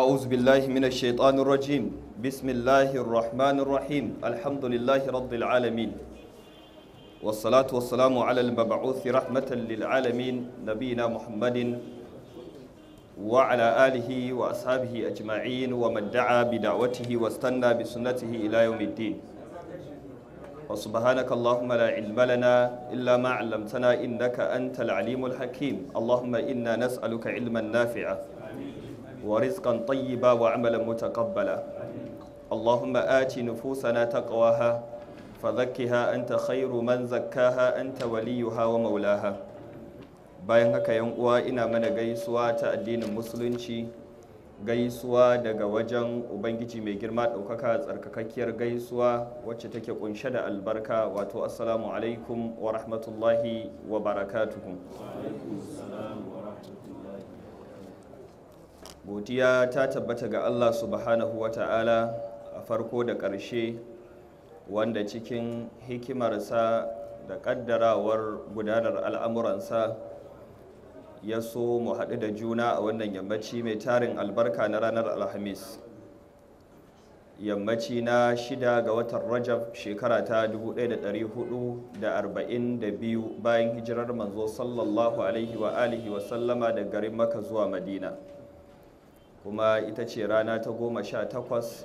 أعوذ بالله من الشيطان الرجيم بسم الله الرحمن الرحيم الحمد لله رب العالمين والصلاة والسلام على المبعوث رحمة للعالمين نبينا محمد وعلى آله وأصحابه أجمعين ومن دعا بدعوته واستنى بسنته إلى يوم الدين وسبحانك اللهم لا علم لنا إلا ما علمتنا إنك أنت العليم الحكيم اللهم إنا نسألك علما نافعا ورزقا طيبا وعملا متقبلا اللهم آت نفوسنا تقواها فذكها أنت خير من زكاها أنت وليها ومولاها bayan haka yan uwa ina mana gaisuwa ta addinin musulunci gaisuwa daga wajen ubangiji mai girma ɗaukaka tsarkakakkiyar gaisuwa wacce take kunshe da albarka wato assalamu alaikum wa rahmatullahi wa barakatuhu godiya ta tabbata ga allah subhanahu wa ta'ala a farko da ƙarshe wanda cikin hikimarsa da ƙaddarawar gudanar al'amuransa ya so mu haɗu da juna a wannan yammaci mai tarin albarka na ranar alhamis yammaci na shida ga watan rajab shekara ta 1442 bayan hijirar manzo sallallahu alaihi wa alihi wa sallama da garin maka zuwa madina kuma ita ce rana ta goma sha takwas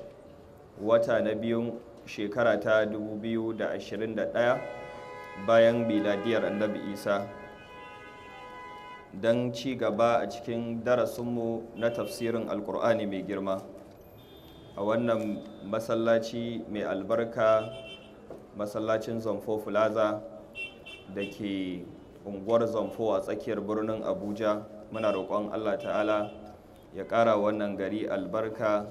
wata na biyun shekara ta 2021 bayan biladiyar annabi isa don ci gaba a cikin darasinmu na tafsirin alkur'ani mai girma a wannan masallaci mai albarka masallacin zamfo plaza da ke unguwar zamfo a tsakiyar birnin abuja muna roƙon allah ta'ala ya ƙara wannan gari albarka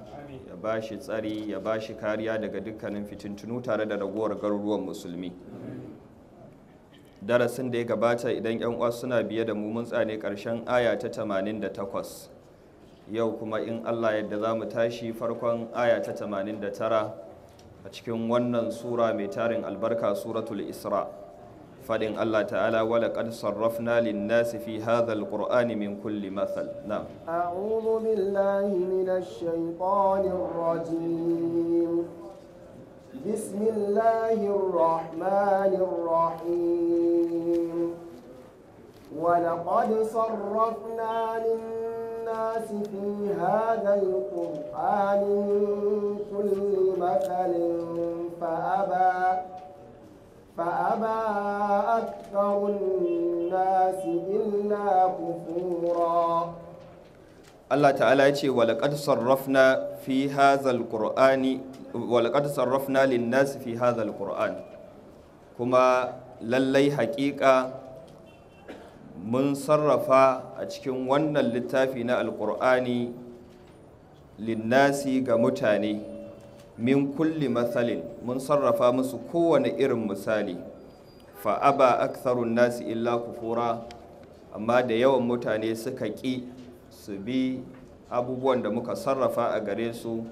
ya ba shi tsari ya ba shi kariya daga dukkanin fitintunu tare da raguwar garuruwan musulmi darasin da ya gabata idan yan uwa suna biye da mu mun tsane karshen aya ta 88 yau kuma in allah yadda za mu tashi farkon aya ta 89 a cikin wannan sura mai tarin albarka suratul isra' فدين الله تعالى ولقد صرفنا للناس في هذا القرآن من كل مثل نعم أعوذ بالله من الشيطان الرجيم بسم الله الرحمن الرحيم ولقد صرفنا للناس في هذا القرآن من كل مثل فأبى فأبى أكثر الناس إلا كفورا Allah ta'ala ya ce walaƙad sarrafna fi fi hazal qur'an kuma lallai haƙiƙa mun sarrafa a cikin wannan littafi na alƙur'ani linnasi ga mutane min kulli matsalin mun sarrafa musu kowane irin misali fa'aba aksarun nasi illa kufura amma da yawan mutane suka ƙi su bi abubuwan da muka sarrafa a gare su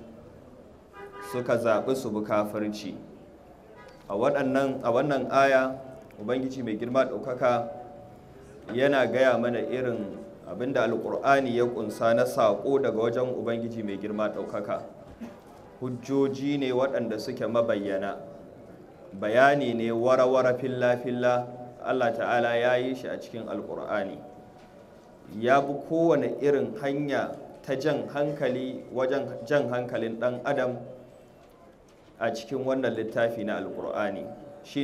suka zaɓi su bi kafirci a wannan aya ubangiji mai girma ɗaukaka yana gaya mana irin abinda alƙur'ani ya ƙunsa na saƙo daga wajen ubangiji mai girma ɗaukaka hujjoji ne waɗanda suke mabayyana bayani ne warawara filla-filla allah ta'ala ya yi shi a cikin alkur'ani ya bi kowane irin hanya ta jan hankali wajen jan hankalin ɗan adam a cikin wannan littafi na alkur'ani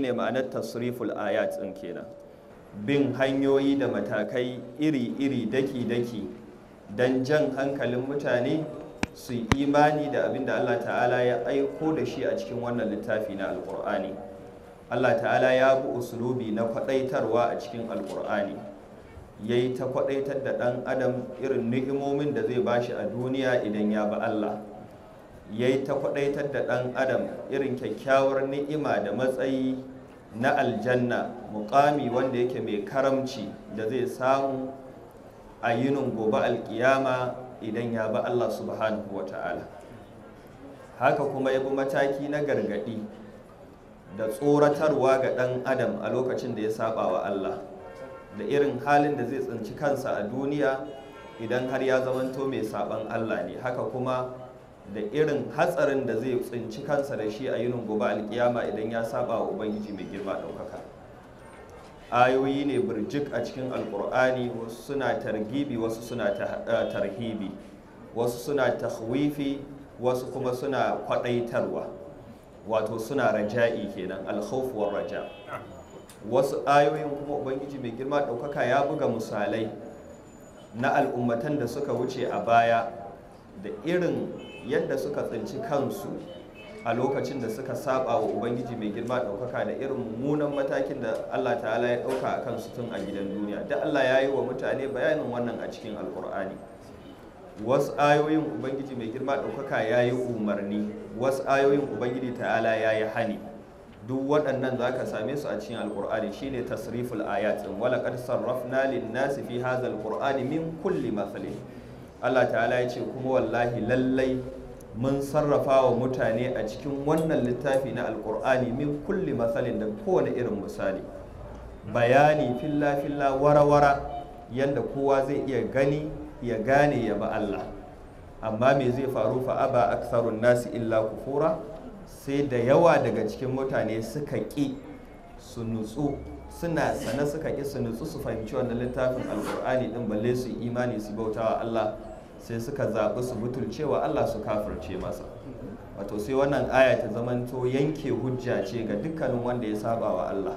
ne ma'anar tasriful ayat ɗin kenan bin hanyoyi da matakai iri-iri daki-daki don jan hankalin mutane su yi imani da abin da Allah ta'ala ya aiko da shi a cikin wannan littafi na alkur'ani Allah ta'ala ya bi usulubi na kwadaitarwa a cikin alkur'ani ya yi ta kwadaitar da ɗan adam irin ni'imomin da zai ba shi a duniya idan ya bi Allah ya yi ta kwadaitar da ɗan adam irin kyakkyawar ni'ima da matsayi na aljanna mukami wanda yake mai karamci da zai samu a yinin gobe alkiyama idan ya bi Allah subhanahu wa ta'ala haka kuma ya bi mataki na gargadi da tsoratarwa ga ɗan adam a lokacin da ya saba wa Allah da irin halin da zai tsinci kansa a duniya idan har ya zamanto mai saban Allah ne haka kuma da irin hatsarin da zai tsinci kansa da shi a yinin gobe alkiyama idan ya saba wa ubangiji mai girma ɗaukaka ayoyi ne birjik a cikin alkur'ani wasu suna targibi wasu suna eh, tarhibi wasu suna tahwifi wasu kuma suna kwadaitarwa wato suna raja'i kenan alkhaufuwar raja wasu ayoyin kuma ubangiji mai girma ɗaukaka ya buga misalai na al'ummatan da suka wuce a baya da irin yadda suka tsinci kansu a lokacin da suka saba wa ubangiji mai girma ɗaukaka da irin mummunan matakin da allah ta'ala ya ɗauka a kan tun a gidan duniya da allah ya yi wa mutane bayanin wannan a cikin alkur'ani wasu ayoyin ubangiji mai girma ɗaukaka ya yi umarni wasu ayoyin ubangiji ta'ala ya yi hani duk waɗannan za ka same su a cikin alkur'ani shine tasriful ayat ɗin wala sarraf, sarrafna lin nasi fi hadha alqur'ani min kulli mathalin Allah ta'ala ya ce kuma wallahi lallai mun sarrafa wa mutane a cikin wannan littafi na alkur'ani min kulli matsalin da kowane irin misali bayani filla-filla wara-wara yadda kowa zai iya gani ya gane ya ba Allah amma me zai faru fa'aba aksarun nasi illa kufura sai da yawa daga cikin mutane suka ƙi su nutsu suna sane suka ƙi su nutsu su fahimci wannan littafin alkur'ani ɗin balle su imani su bautawa Allah sai suka zaɓi su cewa Allah su kafirce masa wato sai wannan aya ta zamanto yanke hujja ce ga dukkanin wanda ya saba wa Allah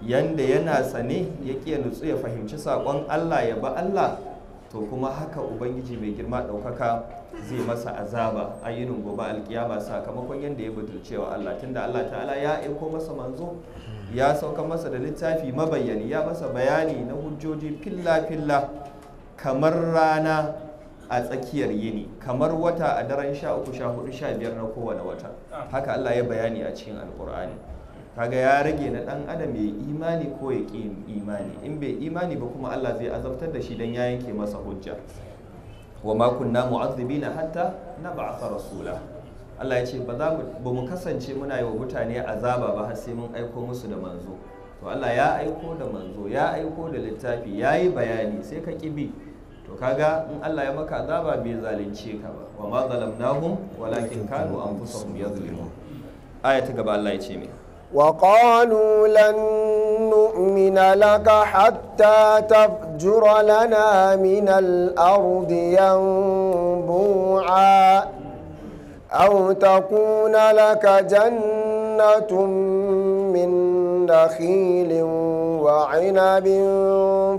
yanda yana sane ya ƙiya nutsu ya fahimci saƙon Allah ya ba Allah to kuma haka ubangiji mai girma ɗaukaka zai masa azaba ayyunin gobe alkiyama sakamakon yanda ya wa Allah tunda Allah ta'ala ya aiko masa manzo ya sauka masa da littafi mabayani ya masa bayani na hujjoji filla-filla kamar rana a tsakiyar yini kamar wata a daren sha uku sha hudu sha biyar na kowane wata haka Allah ya bayani a cikin alkur'ani kaga ya rage na dan adam ya imani ko ya ƙi imani in bai imani ba kuma Allah zai azabtar da shi dan ya yanke masa hujja wa ma kunna na hatta nab'atha rasula Allah ya ce ba za mu kasance muna yi wa mutane azaba ba har sai mun aiko musu da manzo to Allah ya aiko da manzo ya aiko da littafi ya yi bayani sai ka ki bi to kaga in Allah ya maka azaba bai zalunce ka ba wa ma zalamnahum walakin kanu anfusahum yazlimun aya ta gaba Allah ya ce mai وقالوا لن نؤمن لك حتى تفجر لنا من الأرض ينبوعا أو تكون laka جنة min. نخيل وعنب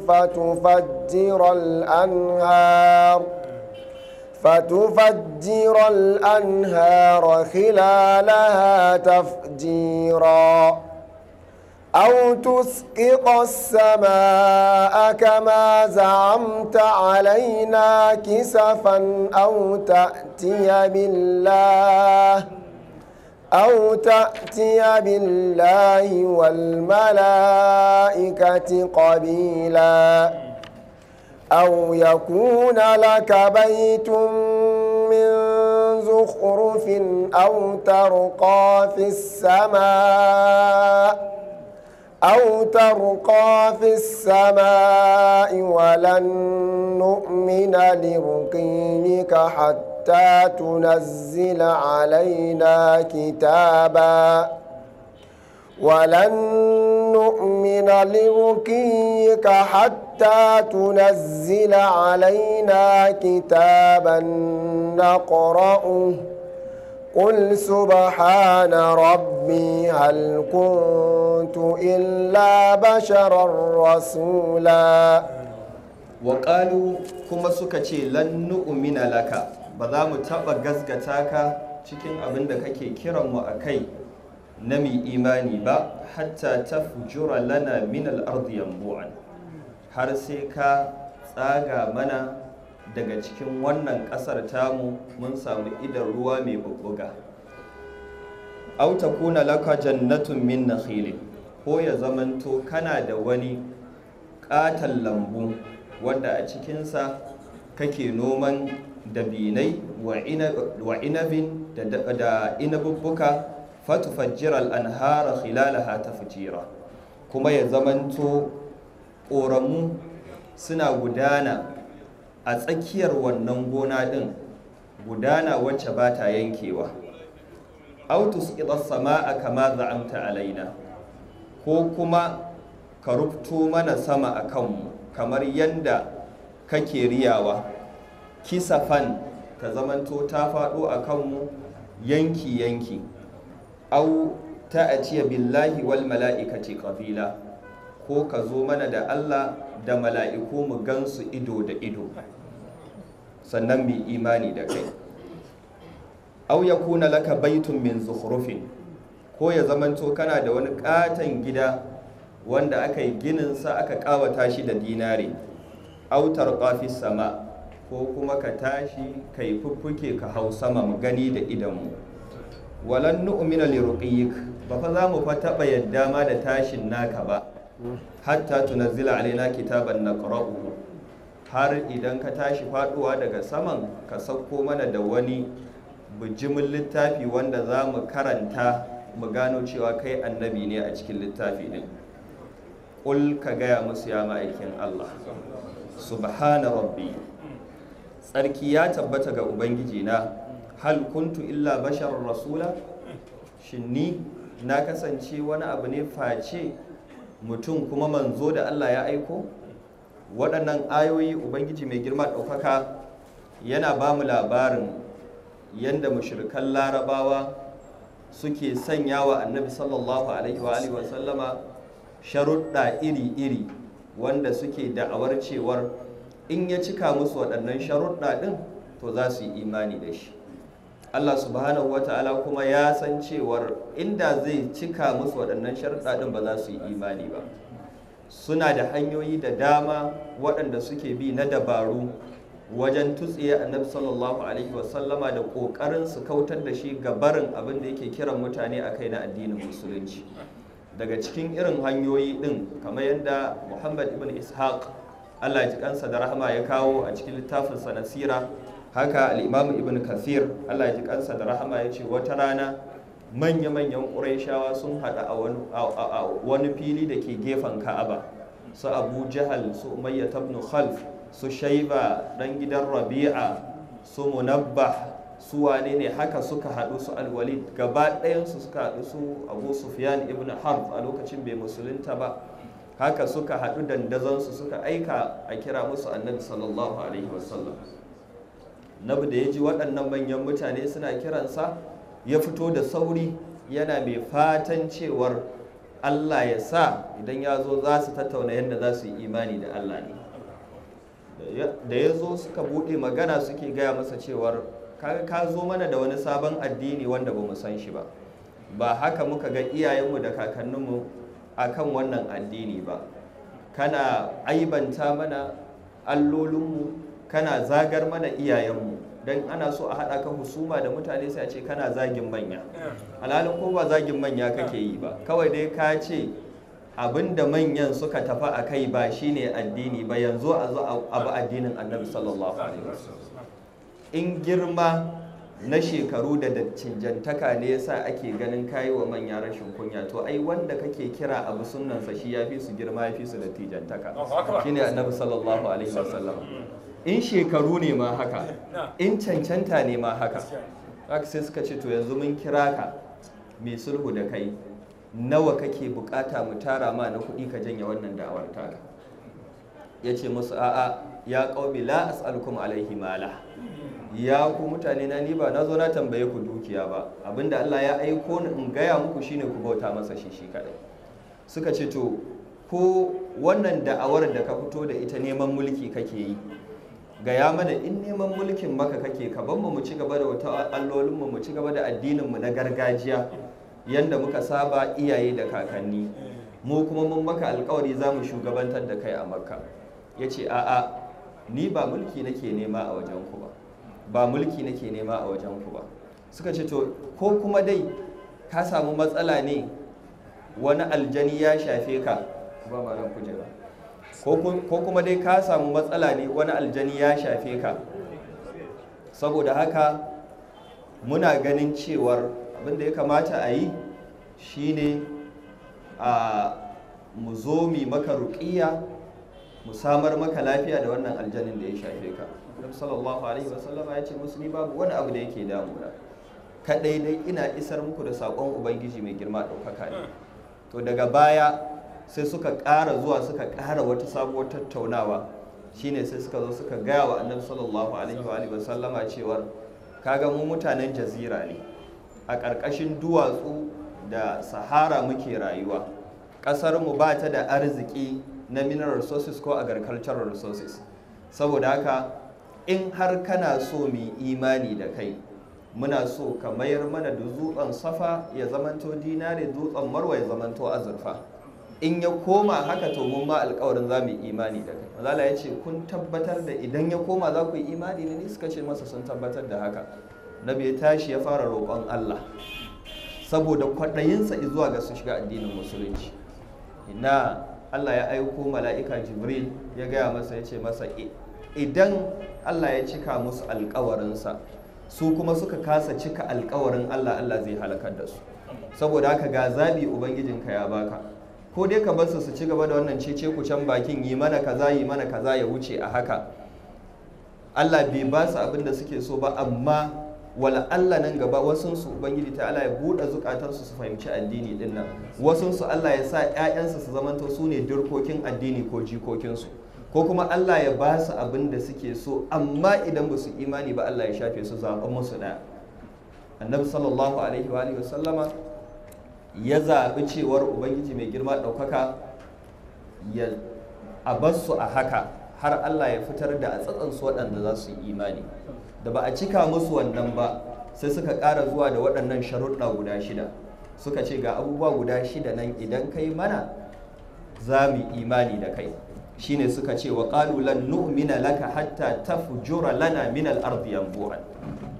فتفجر الأنهار فتفجر الأنهار خلالها تفجيرا أو تسقط السماء كما زعمت علينا كسفا أو تأتي بالله أو تأتي بالله والملائكة قبيلا أو يكون لك بيت من زخرف أو ترقى في السماء أو ترقى في السماء ولن نؤمن لرقيك حتى حتى تنزل علينا كتابا ولن نؤمن لرقيك حتى تنزل علينا كتابا نقرأه قل سبحان ربي هل كنت إلا بشرا رسولا وقالوا كما سكتي لن نؤمن لك ba za mu taɓa gaskata ka cikin abin da kake mu a kai na mai imani ba hatta ta fujura lana min al'ardi yambu'an har sai ka tsaga mana daga cikin wannan ƙasar tamu mun samu idan ruwa mai bubuga au takuna laka jannatun min nakhilin ko ya zamanto kana da wani ƙaton lambu wanda a cikinsa kake noman dabinai wa inabin da inabubbuka fatufajjira al'anhara khilalaha ta fujira kuma ya zamanto ƙoramu suna gudana a tsakiyar wannan gona ɗin gudana wacce ba ta yankewa autus idan a kama za'amta alaina ko kuma ka rubto mana sama a kanmu kamar yadda kake riyawa kisafan ta zamanto ta faɗo a kanmu yanki-yanki au ta a aciya billahi wal mala'ikati kafila ko ka zo mana da Allah da mala'iku mu gansu ido da ido sannan mai imani da kai au ya kuna laka baitun min zuhurufin ko ya zamanto kana da wani ƙaton gida wanda aka yi sa aka ƙawata shi da dinari autar kafis sama ko kuma ka tashi ka yi fuffuke ka hau sama mu gani da idanmu walan nu'mina li ruqiyik ba fa za mu fa taba yadda ma da tashin naka ba hatta tunazzila alaina kitaban naqra'u har idan ka tashi faduwa daga saman ka sauko mana da wani bijimin littafi wanda za mu karanta mu gano cewa kai annabi ne a cikin littafi din ul ka gaya musu ya ma'aikin Allah subhana rabbi tsarki ya tabbata ga ubangiji na hal kuntu illa bashar rasula shin na kasance wani abu ne face mutum kuma manzo da Allah ya aiko waɗannan ayoyi ubangiji mai girma ɗaukaka yana ba mu labarin yadda mashirkan larabawa suke sanya wa annabi sallallahu alaihi wa sallama sharuɗa iri-iri wanda suke da'awar cewar in ya cika musu waɗannan sharuɗa ɗin to za su yi imani da shi Allah subhanahu wa ta'ala kuma ya san cewar inda zai cika musu waɗannan sharuɗa ɗin ba za su yi imani ba suna da hanyoyi da dama waɗanda suke bi na dabaru wajen tutsiye annabi sallallahu alaihi wasallama da ƙoƙarin su kautar da shi ga barin abin da yake kiran mutane a kai na addinin musulunci daga cikin irin hanyoyi ɗin kamar yadda muhammad ibn ishaq Allah ya ji kansa da rahama ya kawo a cikin littafin sa nasira haka al-Imam Ibn Kathir Allah ya ji kansa da rahama ya ce wata rana manya-manyan Qurayshawa sun hada a wani fili da ke gefen Ka'aba su Abu Jahal su Umayya ibn Khalf su Shayba dan gidan Rabi'a su Munabbah su wane ne haka suka hadu su alwalid gaba su suka hadu su abu sufyan ibn harb a lokacin bai musulunta ba haka suka haɗu dandazonsu suka aika a kira musu annabi sallallahu alaihi wasallam nabi da ya ji waɗannan manyan mutane suna kiransa ya fito da sauri yana mai fatan cewar allah ya sa idan ya zo za su tattauna yadda za su yi imani da allah ne da ya zo suka buɗe magana suke gaya masa cewar ka zo mana da wani sabon addini wanda ba mu san shi ba ba haka muka ga iyayenmu da kakanninmu akan wannan addini ba kana aibanta mana allolinmu kana zagar mana iyayenmu don ana so a haɗa ka husuma da mutane sai a ce kana zagin manya alhalin ko ba zagin manya kake yi ba kawai dai ka ce abin da manyan suka tafi a kai ba shine addini ba yanzu a zo abu addinin annabi sallallahu alaihi wasallam in girma na shekaru da dattijantaka ne yasa ake ganin kayi wa manya rashin kunya to ai wanda kake kira abu sunnansa shi ya fi su girma ya fi su dattijantaka ne annabi sallallahu alaihi wasallam in shekaru ne ma haka in cancanta ne ma haka haka sai suka ce to yanzu mun kira ka mai sulhu da kai nawa kake bukata mu tara ma na kuɗi ka janye wannan da'awar taka ya ce musu a'a ya qaumi la as'alukum alaihi mala ya ku mutane na ni ba na zo na tambaye ku dukiya ba abinda Allah ya aiko ni in gaya muku shine ku bauta masa shi shi kadai suka ce to ko wannan da'awar da ka fito da ita neman mulki kake yi gaya mana in neman mulkin maka kake ka ban mu ci gaba da wata allolin mu ci gaba da addinin mu na gargajiya yanda muka saba iyaye da kakanni mu kuma mun maka alkawari za mu shugabantar da kai a makka ya ce a'a ni ba mulki nake nema a wajen ku ba ba mulki nake nema a wajen ku ba suka ce to ko kuma dai ka samu matsala ne wani aljani ya shafe ka ba ma nan kujera ko kuma dai ka samu matsala ne wani aljani ya shafe ka saboda haka muna ganin cewar abinda ya kamata a yi shine a mu zo mi maka ruƙiya mu samar maka lafiya da wannan aljanin da ya shafe ka annabi sallallahu alaihi sallama ya ce musu ni babu wani abu da yake damuna kadai dai ina isar muku da sakon ubangiji mai girma daukaka ne to daga baya sai suka ƙara zuwa suka ƙara wata sabuwar tattaunawa shine sai suka zo suka gaya wa annabi sallallahu alaihi wa sallama cewar kaga mu mutanen jazira ne a ƙarƙashin duwatsu da sahara muke rayuwa ƙasar mu ba ta da arziki na mineral resources ko agricultural resources saboda haka in har kana so mu imani da kai muna so ka mayar mana da dutsen safa ya zamanto dinare dutsen marwa ya zamanto azurfa in ya koma haka to mun ma alkawarin za mu imani da kai mazala ya ce kun tabbatar da idan ya koma za ku yi imani ne ni suka ce masa sun tabbatar da haka nabi ya tashi ya fara roƙon allah saboda kwaɗayinsa zuwa ga su shiga addinin musulunci ina allah ya aiko mala'ika jibril ya gaya masa ya ce masa idan Allah ya cika musu alkawarinsa su kuma suka kasa cika alkawarin Allah Allah zai halakar da su saboda haka ga zabi ubangijinka ya baka ko dai ka bar su su ci gaba da wannan cece ku can bakin yi mana kaza yi mana kaza ya wuce a haka Allah bai ba su abin da suke so ba amma wala Allah nan gaba wasun su ubangiji ta Allah ya bude zukatar su su fahimci addini din nan wasun su Allah ya sa ƴaƴansu su zamanto su ne dirkokin addini ko jikokin su ko kuma Allah ya ba su abin da suke so amma idan ba su imani ba Allah ya shafe su zaɓen musu ɗaya annabi sallallahu alaihi wa alihi ya zaɓi cewar ubangiji mai girma ɗaukaka ya a su a haka har Allah ya fitar da a tsatsan su waɗanda za su imani da ba a cika musu wannan ba sai suka ƙara zuwa da waɗannan sharuɗa guda shida suka ce ga abubuwa guda shida nan idan kai mana za mu imani da kai shine suka ce wa qalu nu'mina laka hatta tafjura lana min al-ardi yanbu'an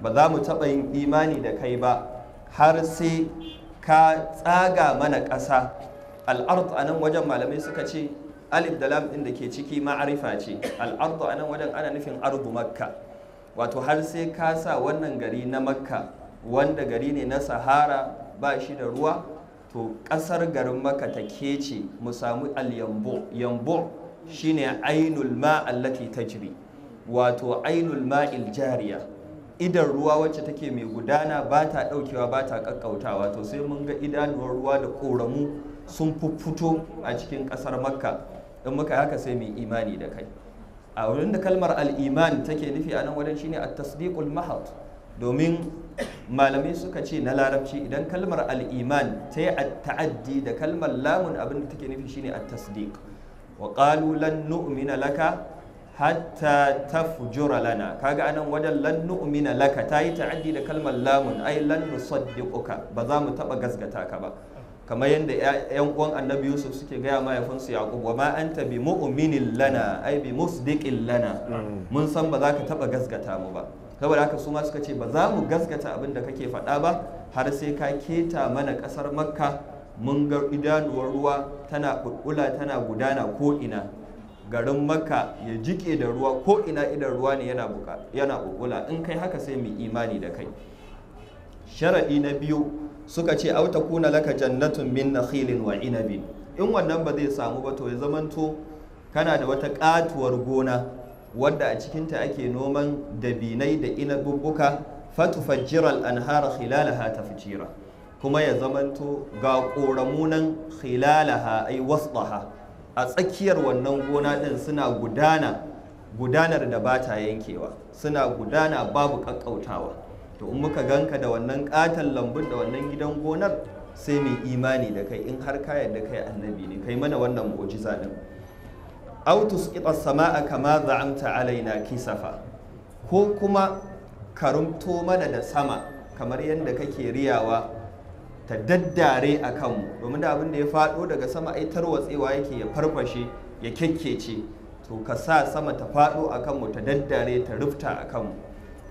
ba za mu taɓa yin imani da kai ba har sai ka tsaga mana ƙasa al-ard anan wajen malamai suka ce alif da lam din da ke ciki ma'arifa ce al-ard anan wajen ana nufin ardu makka wato har sai ka sa wannan gari na makka wanda gari ne na sahara ba shi da ruwa to ƙasar garin makka ta kece mu samu al-yambu shine ainul ma allati tajri wato ainul ma'il jariya idan ruwa wacce take mai gudana ba ta daukewa ba ta kakkautawa to sai mun ga idanuwar ruwa da koramu sun fito a cikin kasar makka in muka haka sai mai imani da kai a wurin da kalmar al'iman take nufi a nan wajen shine a tasdiqul mahad domin malamai suka ce na larabci idan kalmar al'iman ta yi ta'addi da kalmar lamun abin da take nufi shine a tasdiq wa qalu lan nu'mina laka hatta tafjura lana kaga anan wajen lan nu'mina laka tayi ta'addi da kalmar lamun ai lan nusaddiquka ba za mu taba gasgata ka ba kamar yadda yan uwan annabi yusuf suke gaya mahaifinsu yaqub wa ma anta bi mu'minin lana ai bi musdiqin lana mun san ba za ka taba gasgata mu ba saboda haka su ma suka ce ba za mu gasgata abin da kake faɗa ba har sai ka keta mana ƙasar makka mun ga idanuwar ruwa tana ɓuɓɓula tana gudana ko'ina garin makka ya jike da ruwa ko'ina idan ruwa ne yana ɓuɓɓula in kai haka sai mu imani da kai sharaɗi na biyu suka ce auta kuna laka jannatun min nakhilin wa inabin in wannan ba zai samu ba to ya zamanto kana da wata katuwar gona wadda a cikinta ake noman dabinai da inabubbuka fatufajjiral anhara khilalaha tafjira kuma ya zamanto ga ƙoramu nan khilalaha ai wasdaha a tsakiyar wannan gona ɗin suna gudana gudanar da ba ta yankewa suna gudana babu ƙaƙƙautawa to in muka ganka da wannan ƙaton lambun da wannan gidan gonar sai mai imani da kai in har ka da kai annabi ne kai mana wannan mu'jiza din aw tusqita samaa kama za'amta alaina kisafa ko kuma karumto mana da sama kamar yadda kake riyawa ta daddare a kanmu domin da abin da ya faɗo daga sama ai tarwatsewa yake ya farfashe ya kyakkece to ka sa sama ta faɗo a kanmu ta daddare ta rufta a kanmu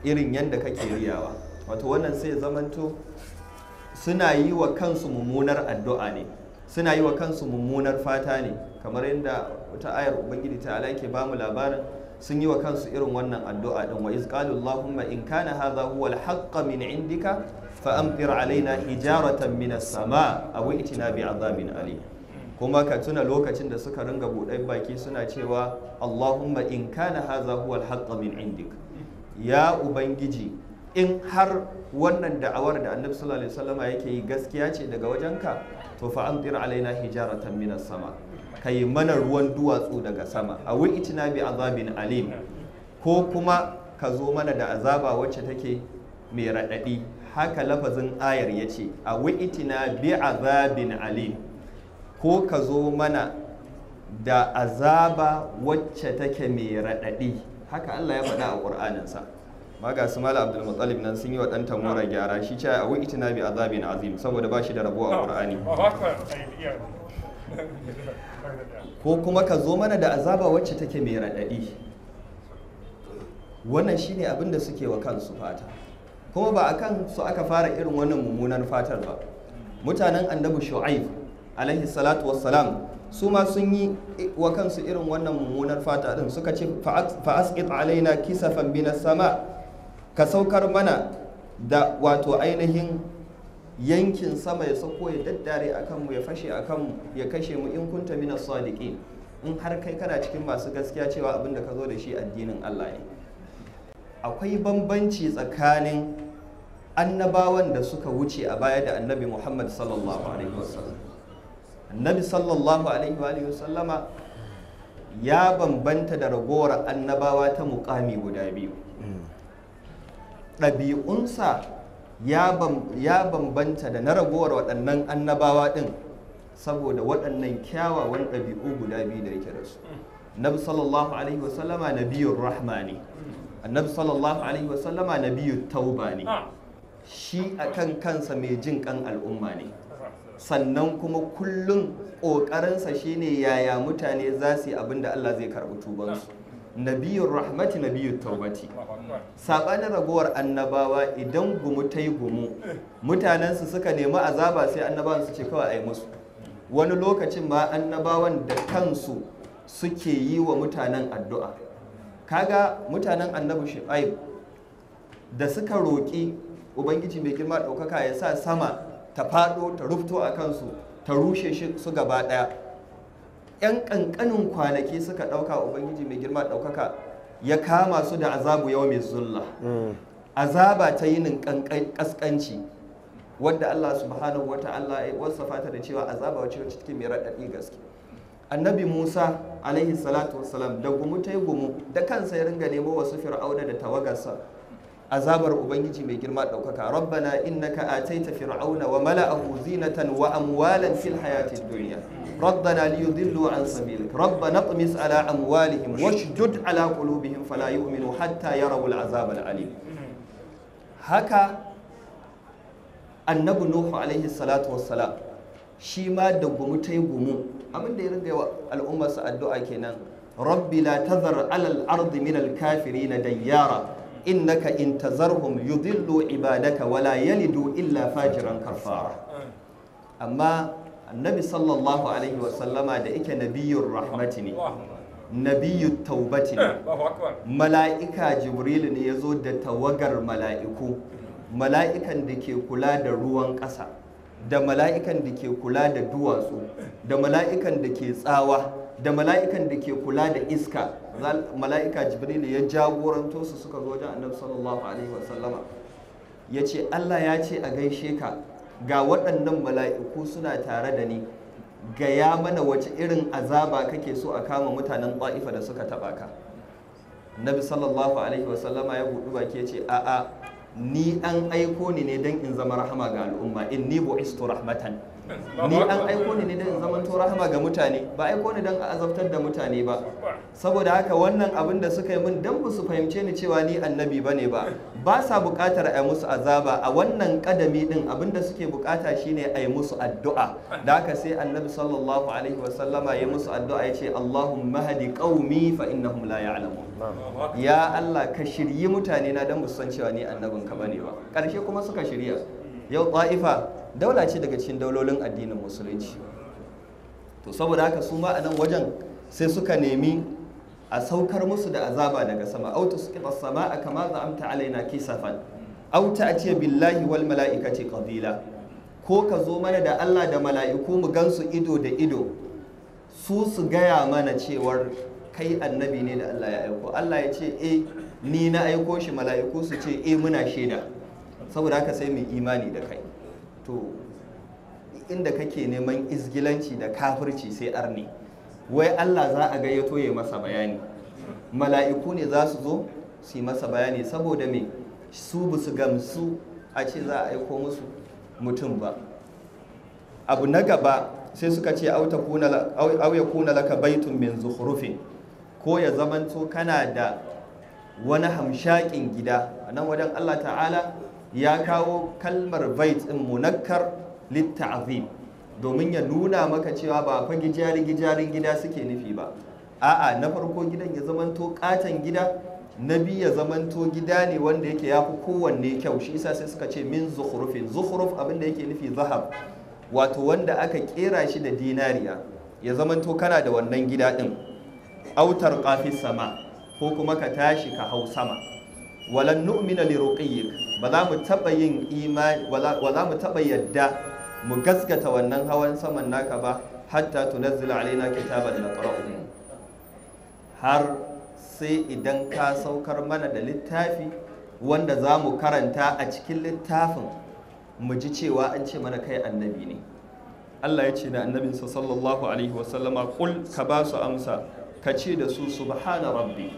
irin yadda kake riyawa wato wannan sai zamanto suna yi wa kansu mummunar addu'a ne suna yi wa kansu mummunar fata ne kamar yadda wata ayar ubangiji ta ala ke bamu labarin sun yi wa kansu irin wannan addu'a din wa izqalu allahumma in kana haza huwa al min indika fa'amtir alaina hijaratan minas sama a waitina bi azabin ali kuma ka tuna lokacin da suka ringa buɗe baki suna cewa allahumma in kana haza huwa haqqa min indik ya ubangiji in har wannan da'awar da annabi sallallahu alaihi yake yi gaskiya ce daga wajenka to fa amtir alaina hijaratan minas sama kai mana ruwan duwatsu daga sama a itina bi azabin alim ko kuma ka zo mana da azaba wacce take mai raɗaɗi haka lafazin ayar ya ce a wi'itina bi azabin alim ko ka zo mana da azaba wacce take mai raɗaɗi haka Allah ya faɗa a ƙur'aninsa ma ga su mala abdul mutsalib nan sun yi wa ɗantan wara gyara shi ce a wani na bi azabin azim saboda ba shi da rabo a ƙur'ani oh, oh, oh, ko kuma ka zo mana da azaba wacce take mai raɗaɗi wannan shine abin da suke wa kansu fata kuma ba a kan su aka fara irin wannan mummunar fatar ba mutanen annabi shu'aib alaihi salatu wassalam su ma sun yi wa kansu irin wannan mummunar fata din suka ce fa'asqit alaina kisafan bin sama ka saukar mana da wato ainihin yankin sama ya sako ya daddare akan mu ya fashe akan mu ya kashe mu in kunta minas sadiqin in har kai kana cikin masu gaskiya cewa abinda ka zo da shi addinin Allah ne akwai bambanci tsakanin annabawan da suka wuce a baya da annabi muhammad sallallahu alaihi wasallam annabi sallallahu alaihi wasallama ya bambanta da ragowar annabawa ta mukami guda biyu ɗabi'unsa ya bambanta da na ragowar waɗannan annabawa ɗin saboda waɗannan kyawawan ɗabi'u guda biyu da yake da su annabi sallallahu alaihi wasallama nabiyun rahma ne annabi sallallahu alaihi wasallama nabiyun tauba ne shi a kan kansa mai jin kan al'umma ne sannan kuma kullum ƙoƙarinsa shine yaya mutane za su yi abin da Allah zai karɓi tubansu nabiyun rahmati nabiyun taubati saɓanin ragowar annabawa idan gumu ta yi gumu mutanensu suka nemi azaba sai annabawan su ce kawai a yi musu wani lokacin ma annabawan da kansu suke yi wa mutanen addu'a kaga mutanen annabi shu'aib da suka roƙi ubangiji mai girma ɗaukaka ya sa sama ta faɗo ta rufto a kansu ta rushe shi su gaba ɗaya yan ƙanƙanin kwanaki suka ɗauka ubangiji mai girma ɗaukaka ya kama su da azabu yau mai zulla mm. azaba ta yi yinin ƙasƙanci wadda Allah subhanahu wa ta'ala ya wasafa fata da cewa azaba wacce wacce take mai raɗaɗi gaske annabi Musa alaihi salatu wasalam da gumu ta yi gumu da kansa ya ringa nemo wasu fir'auna da tawagarsa azabar ubangiji mai girma daukaka rabbana innaka ataita fir'auna wa mala'ahu zinatan wa amwalan fil hayatid dunya rabbana liyudillu an sabilik rabbana tmis ala amwalihim washdud ala qulubihim fala yu'minu hatta yarawul azab al alim haka annabi nuhu alaihi salatu shi ma da gumu tai gumu abinda ya rinda yawa al'ummarsa addu'a kenan rabbi la tazar alal ardi min al dayyara innaka in tazarhum ibadaka wala yalidu illa fajiran kafara amma annabi sallallahu alaihi sallama da yake nabiyyun rahmati ne nabiyyu taubati ne mala'ika jibrilu ne ya zo da tawagar mala'iku mala'ikan da ke kula da ruwan ƙasa da mala'ikan da ke kula da duwatsu da mala'ikan da ke tsawa da mala'ikan da ke kula da iska mala'ika jibril ya jagoranto su suka zo wajen annabi sallallahu alaihi sallama ya ce allah ya ce a gaishe ka ga waɗannan mala'iku suna tare da ni gaya mana wace irin azaba kake so a kama mutanen ƙwa'ifa da suka taɓa ka nabi sallallahu alaihi sallama ya buɗu baki ya ce a'a ni an aiko ni ne don in zama rahama ga al'umma in ni bu bu'istu rahmatan ni an aiko ni ne don in zama to rahama ga mutane ba aiko ni don a azabtar da mutane ba saboda haka wannan abin da suka yi min don ba su fahimce ni cewa ni annabi ba ne ba ba sa bukatar a musu azaba a wannan kadami din abinda suke bukata shine a yi musu addu'a da haka sai annabi sallallahu alaihi wasallama ya musu addu'a ya ce Allahumma hadi qaumi fa innahum la ya'lamun ya Allah ka shiryi mutane na dan san cewa ni annabin ka bane ba karshe kuma suka shirya yau ta'ifa daula ce daga cikin daulolin addinin musulunci to saboda haka su ma a nan wajen sai suka nemi a saukar musu da azaba daga sama au tusqita as-samaa kama za'amta alaina kisafan au ce, billahi wal mala'ikati qabila ko ka zo mana da Allah da mala'iku mu gansu ido da ido su su gaya mana cewar kai annabi ne da Allah ya aiko Allah ya ce eh ni na aiko shi mala'iku su ce e muna shaida saboda haka sai mu imani da kai to inda kake neman izgilanci da kafirci sai arni wai Allah za a gayyato ya masa bayani mala'iku ne za su zo su yi masa bayani saboda me su ba su gamsu a ce za a aiko musu mutum ba abu na gaba sai suka ce au ya kuna laka baitun min zuhurufi ko ya zamanto kana da wani hamshakin gida a nan wajen Allah ta'ala ya kawo kalmar bait ɗin munakkar litta'zim domin ya nuna maka cewa ba fa gijari gijarin gida suke nufi ba a'a na farko gidan ya zamanto katon gida na biyu ya zamanto gida ne wanda yake yafi kowanne kyau shi yasa sai suka ce min zuhrufin Zuhruf, abin da yake nufi zahab wato wanda aka kera shi da dinariya ya zamanto kana da wannan gida din autar qafis sama ko kuma ka tashi ka hau sama walan nu'mina li ba za mu taba yin imani wala mu taba yadda mu gaskata wannan hawan saman naka ba hatta tunazzila alaina kitaban naqra'u har sai idan ka saukar mana da littafi wanda za mu karanta a cikin littafin mu ji cewa an ce mana kai annabi ne Allah ya ce da annabin sa sallallahu alaihi wasallama kul ka ba su amsa ka ce da su subhana rabbi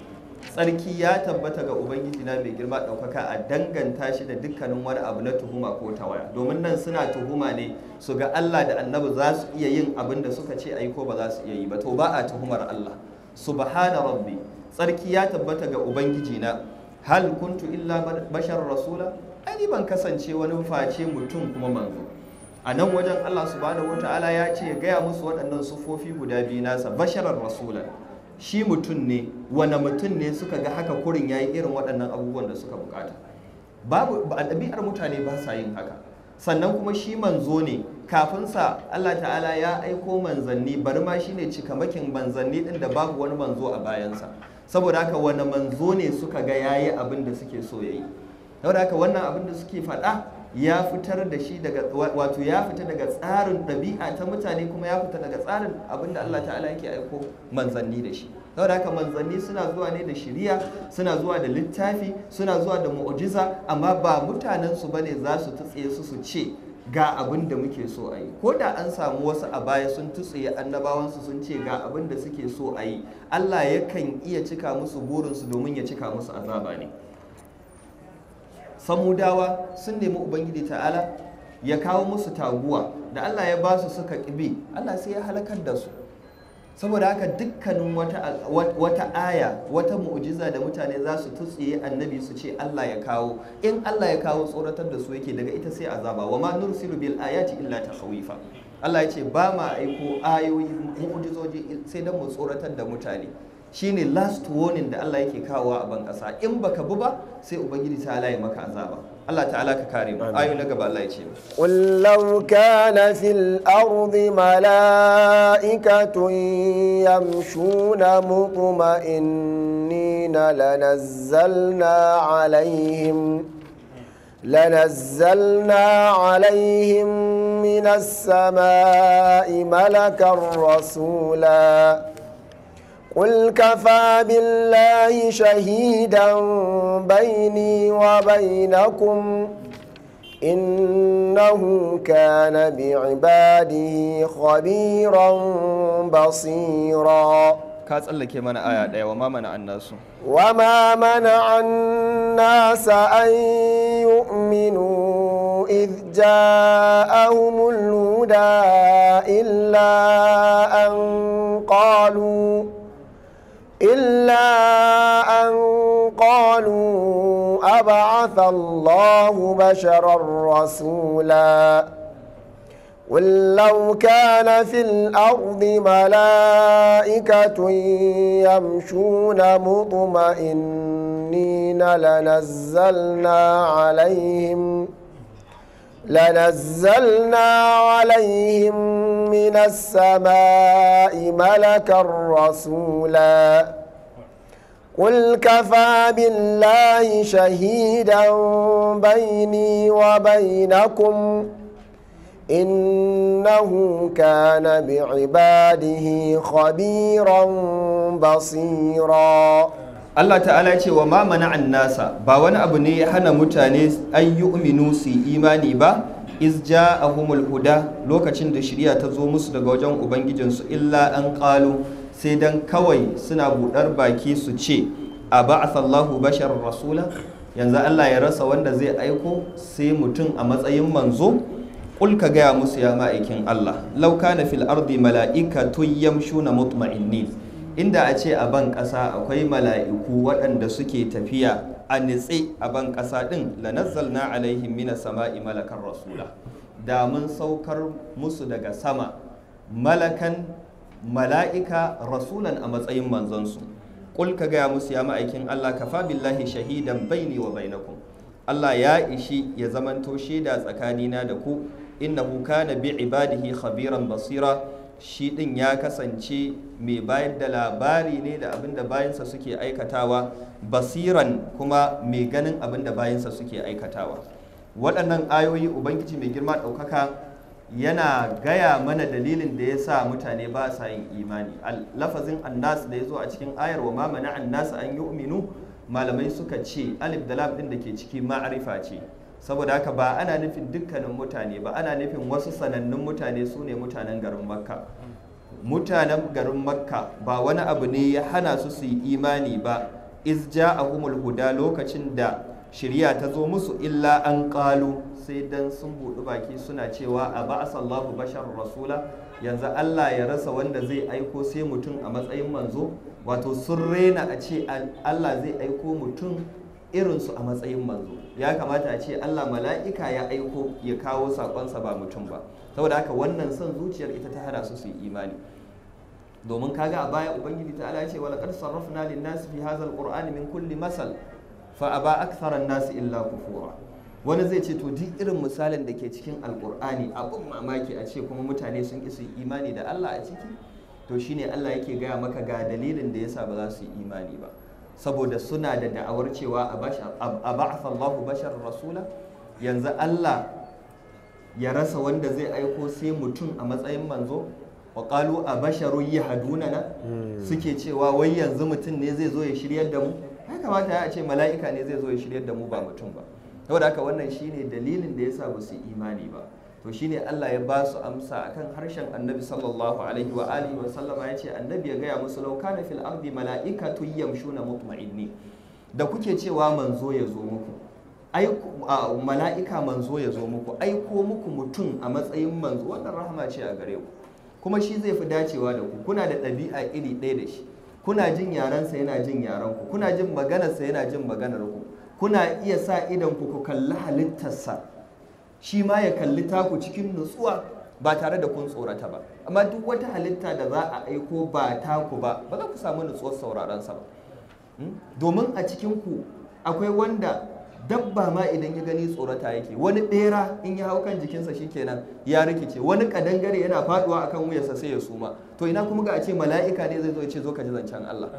tsarki ya tabbata ga ubangiji na mai girma ɗaukaka a danganta shi da dukkanin wani abu na tuhuma ko ta waya domin nan suna tuhuma ne su ga Allah da annabi za su iya yin abin da suka ce ayi ko ba za su iya yi ba to ba a tuhumar Allah subhana rabbi tsarki ya tabbata ga ubangiji na hal kuntu illa bashar rasula ani ban kasance wani face mutum kuma manzo a nan wajen Allah subhanahu ta'ala ya ce ya gaya musu waɗannan sufofi guda biyu nasa basharar rasulan shi mutum ne wani mutum ne suka ga haka kurin ya yi irin waɗannan abubuwan da suka bukata babu ɗabi'ar mutane ba sa yin haka sannan kuma shi manzo ne kafin sa Allah ta'ala ya aiko manzanni bari ma shi shine cikamakin manzanni ɗin da babu wani manzo a bayansa saboda haka wani manzo ne suka ga ya yi abin da suke so yayi saboda haka wannan abin da suke faɗa ya fitar da shi daga wato ya fita daga tsarin ɗabi'a ta mutane kuma ya fita daga tsarin abin da Allah ta'ala yake aiko manzanni da shi saboda haka manzanni suna zuwa ne da shiriya suna zuwa da littafi suna zuwa da mu'ujiza amma ba mutanen su bane za su tutse su su ce ga abin da muke so a yi ko da an samu wasu a baya sun tutse annabawansu sun ce ga abin da suke so a yi Allah yakan iya cika musu burinsu domin ya cika musu azaba ne samudawa sun nemi ubangiji ta'ala ya kawo musu taguwa da Allah ya ba su suka ƙibi Allah sai ya halakar da su saboda haka dukkanin wata aya wata mu'ujiza da mutane za su tutsiye annabi su ce Allah ya kawo in Allah ya kawo tsoratar da su yake daga ita sai azaba wa ma nursilu bil ayati illa ta tahwifa Allah ya ce ba ma aiko ayoyi mu'ujizoji sai dan mu tsoratar da mutane shine last warning da Allah yake kawowa a ban ƙasa. in baka bi ba sai ubangiji ta halaye maka azaba Allah ta'ala ka kare mu ayu na gaba Allah ya ce qul law kana fil ardi mala'ikatun yamshuna mutma'innina lanazzalna alaihim لنزلنا عليهم من السماء ملكا رسولا قل كفى بالله شهيدا بيني وبينكم إنه كان بعباده خبيرا بصيرا ka tsallake mana aya ɗaya wa ma mana annasu wa ma mana annasa an yu'minu idh ja'ahumul huda illa an إلا أن قالوا أبعث الله بشرا رسولا قل لو كان في الأرض ملائكة يمشون مطمئنين لنزلنا عليهم ۖ لنزلنا عليهم من السماء ملكا رسولا قل كفى بالله شهيدا بيني وبينكم إنه كان بعباده خبيرا بصيرا Allah ta'ala ce wa ma mana'an nasa ba wani abu ne ya hana mutane an yu'minu su imani ba a humul huda lokacin da shirya ta zo musu daga wajen ubangijinsu illa an kalu sai dan kawai suna buɗar baki su ce a ba'athallahu bashar rasula yanzu Allah ya rasa wanda zai aiko sai mutum a matsayin manzo kul ka gaya musu ya ma'aikin Allah lauka na fil ardi mala'ikatun yamshuna mutma'innin inda a ce a ban ƙasa akwai mala'iku waɗanda suke tafiya a nitse a ban ƙasa ɗin na alaihim mina sama'i malakan rasula da mun saukar musu daga sama malakan mala'ika rasulan a matsayin manzansu ƙul ka gaya musu ya ma'aikin Allah Ka fa billahi shahidan baini wa bainakum Allah ya ishi ya zamanto shaida tsakanina da ku innahu kana bi ibadihi khabiran basira shi ɗin ya kasance mai bayar da labari ne da abin da bayansa suke aikatawa basiran kuma mai ganin abin da bayansa suke aikatawa waɗannan ayoyi ubangiji mai girma ɗaukaka yana gaya mana dalilin da ya sa mutane ba sa yin imani lafazin annas da ya zo a cikin ayar wa mamana annas an yi uminu malamai suka ce alif da lam ɗin da ke ciki ma'arifa ce saboda haka ba ana nufin dukkanin mutane ba ana nufin wasu sanannun mutane su ne mutanen garin makka mutanen garin makka ba wani abu ne ya hana su su yi imani ba iz a huda lokacin da shirya ta zo musu illa an ƙalu sai dan sun buɗi baki suna cewa a ba sallahu bashar rasula yanzu Allah ya rasa wanda zai aiko sai mutum a matsayin manzo wato sun rena a ce Allah zai aiko mutum irinsu a matsayin manzo ya kamata a ce Allah mala'ika ya aiko ya kawo sakonsa ba mutum ba saboda haka wannan son zuciyar ita ta hada su su yi imani domin kaga a baya ubangiji ta ala ce walaqad sarrafna lin-nasi fi hazal qur'ani min kulli masal fa aba aktharan nasi illa kufura wani zai ce to duk irin misalin da ke cikin alqur'ani abun mamaki a ce kuma mutane sun ki imani da Allah a ciki to shine Allah yake gaya maka ga dalilin da yasa ba za su yi imani ba saboda suna da da'awar cewa a ba'a Allahu bashar rasula yanzu Allah ya rasa wanda zai aiko sai mutum a matsayin manzo wa kalu a basharu na, hmm. suke cewa wai yanzu mutum ne zai zo ya shiryar da mu ya kamata ya ce mala'ika ne zai zo ya shiryar da mu ba mutum ba saboda haka wannan shine dalilin da yasa ba su imani ba to shine Allah ya ba su amsa akan harshen annabi sallallahu alaihi wa alihi wa sallama ya ce annabi ya gaya musu laukana kana fil ardi mala'ikatu yamshuna mutma'inni da kuke cewa manzo ya zo muku ai mala'ika manzo ya zo muku ai ko muku mutum a matsayin manzo wannan rahama ce a gare ku kuma shi zai fi dacewa da ku kuna da ɗabi'a iri ɗaya da shi kuna jin yarensa yana jin yarenku kuna jin maganarsa yana jin maganarku. kuna iya sa idan ku ku kalli halittarsa shi ma ya kalli taku cikin nutsuwa ba tare da kun tsorata ba amma duk wata halitta da za a aiko ba taku ba ba za ku samu nutsuwar sauraron sa ba hmm? domin a cikin ku akwai wanda dabba ma idan ya gani tsorata yake wani bera in ya hau kan jikinsa shikenan ya rikice wani kadangare yana faduwa akan wuyarsa sai ya suma to ina kuma ga a ce mala'ika ne zai zo ya ce zo ka ji zancen Allah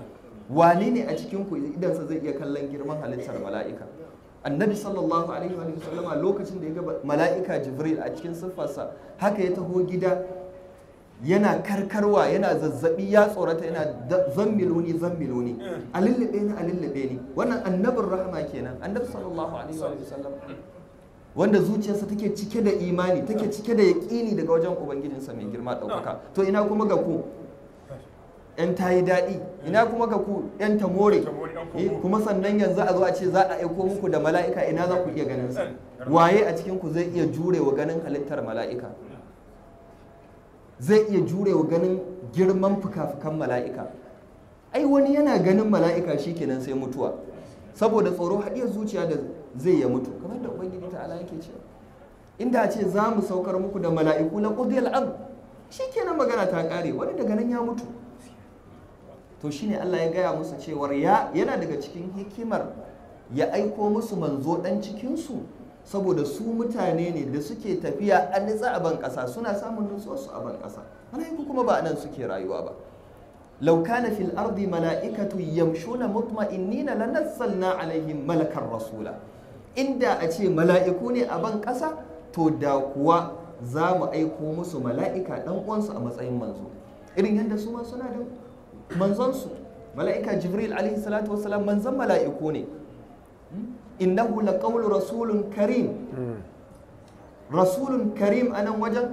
wani ne a cikin ku idansa zai iya kallon girman halittar mala'ika annabi sallallahu alaihi wa sallama lokacin da ya gaba mala'ika jibril a cikin siffarsa haka ya taho gida yana karkarwa yana zazzabi ya tsorata yana zammiloni zammiloni a lullube ni a lullube ni wannan annabin rahama kenan annabi sallallahu alaihi wa sallam wanda zuciyarsa take cike da imani take cike da yaƙini daga wajen ubangijinsa mai girma ɗaukaka to ina kuma ga ku yan ta yi daɗi ina kuma ka ku yan ta more eh, kuma sannan yanzu a zo a ce za a aiko muku da mala'ika ina za ku iya ganin su? waye a cikin ku zai iya jurewa ganin halittar mala'ika zai iya jurewa ganin girman fuka-fukan mala'ika ai wani yana ganin mala'ika shi kenan sai mutuwa saboda tsoro haɗiya zuciya da zai ya mutu kamar da ubangiji ta ala yake cewa inda ce za mu saukar muku da mala'iku na ƙudiyar am shi kenan magana ta ƙare wani daga nan ya mutu to shine Allah ya gaya musu cewar ya yana daga cikin hikimar ya aiko musu manzo dan cikinsu saboda su mutane ne da suke tafiya an nitsa a ban ƙasa suna samun nutsuwa su a ban ƙasa mala'iku kuma ba nan suke rayuwa ba law kana fil ardi mala'ikatu yamshuna mutma'innina lanazzalna alaihim malakan rasula inda a ce mala'iku ne a ban to da kuwa za mu aiko musu mala'ika dan uwansu a matsayin manzo irin yadda su ma suna da manzansu mala'ika jibril alaihi salatu wasalam manzan mala'iku ne innahu laqawlu rasulun karim rasulun karim a nan wajen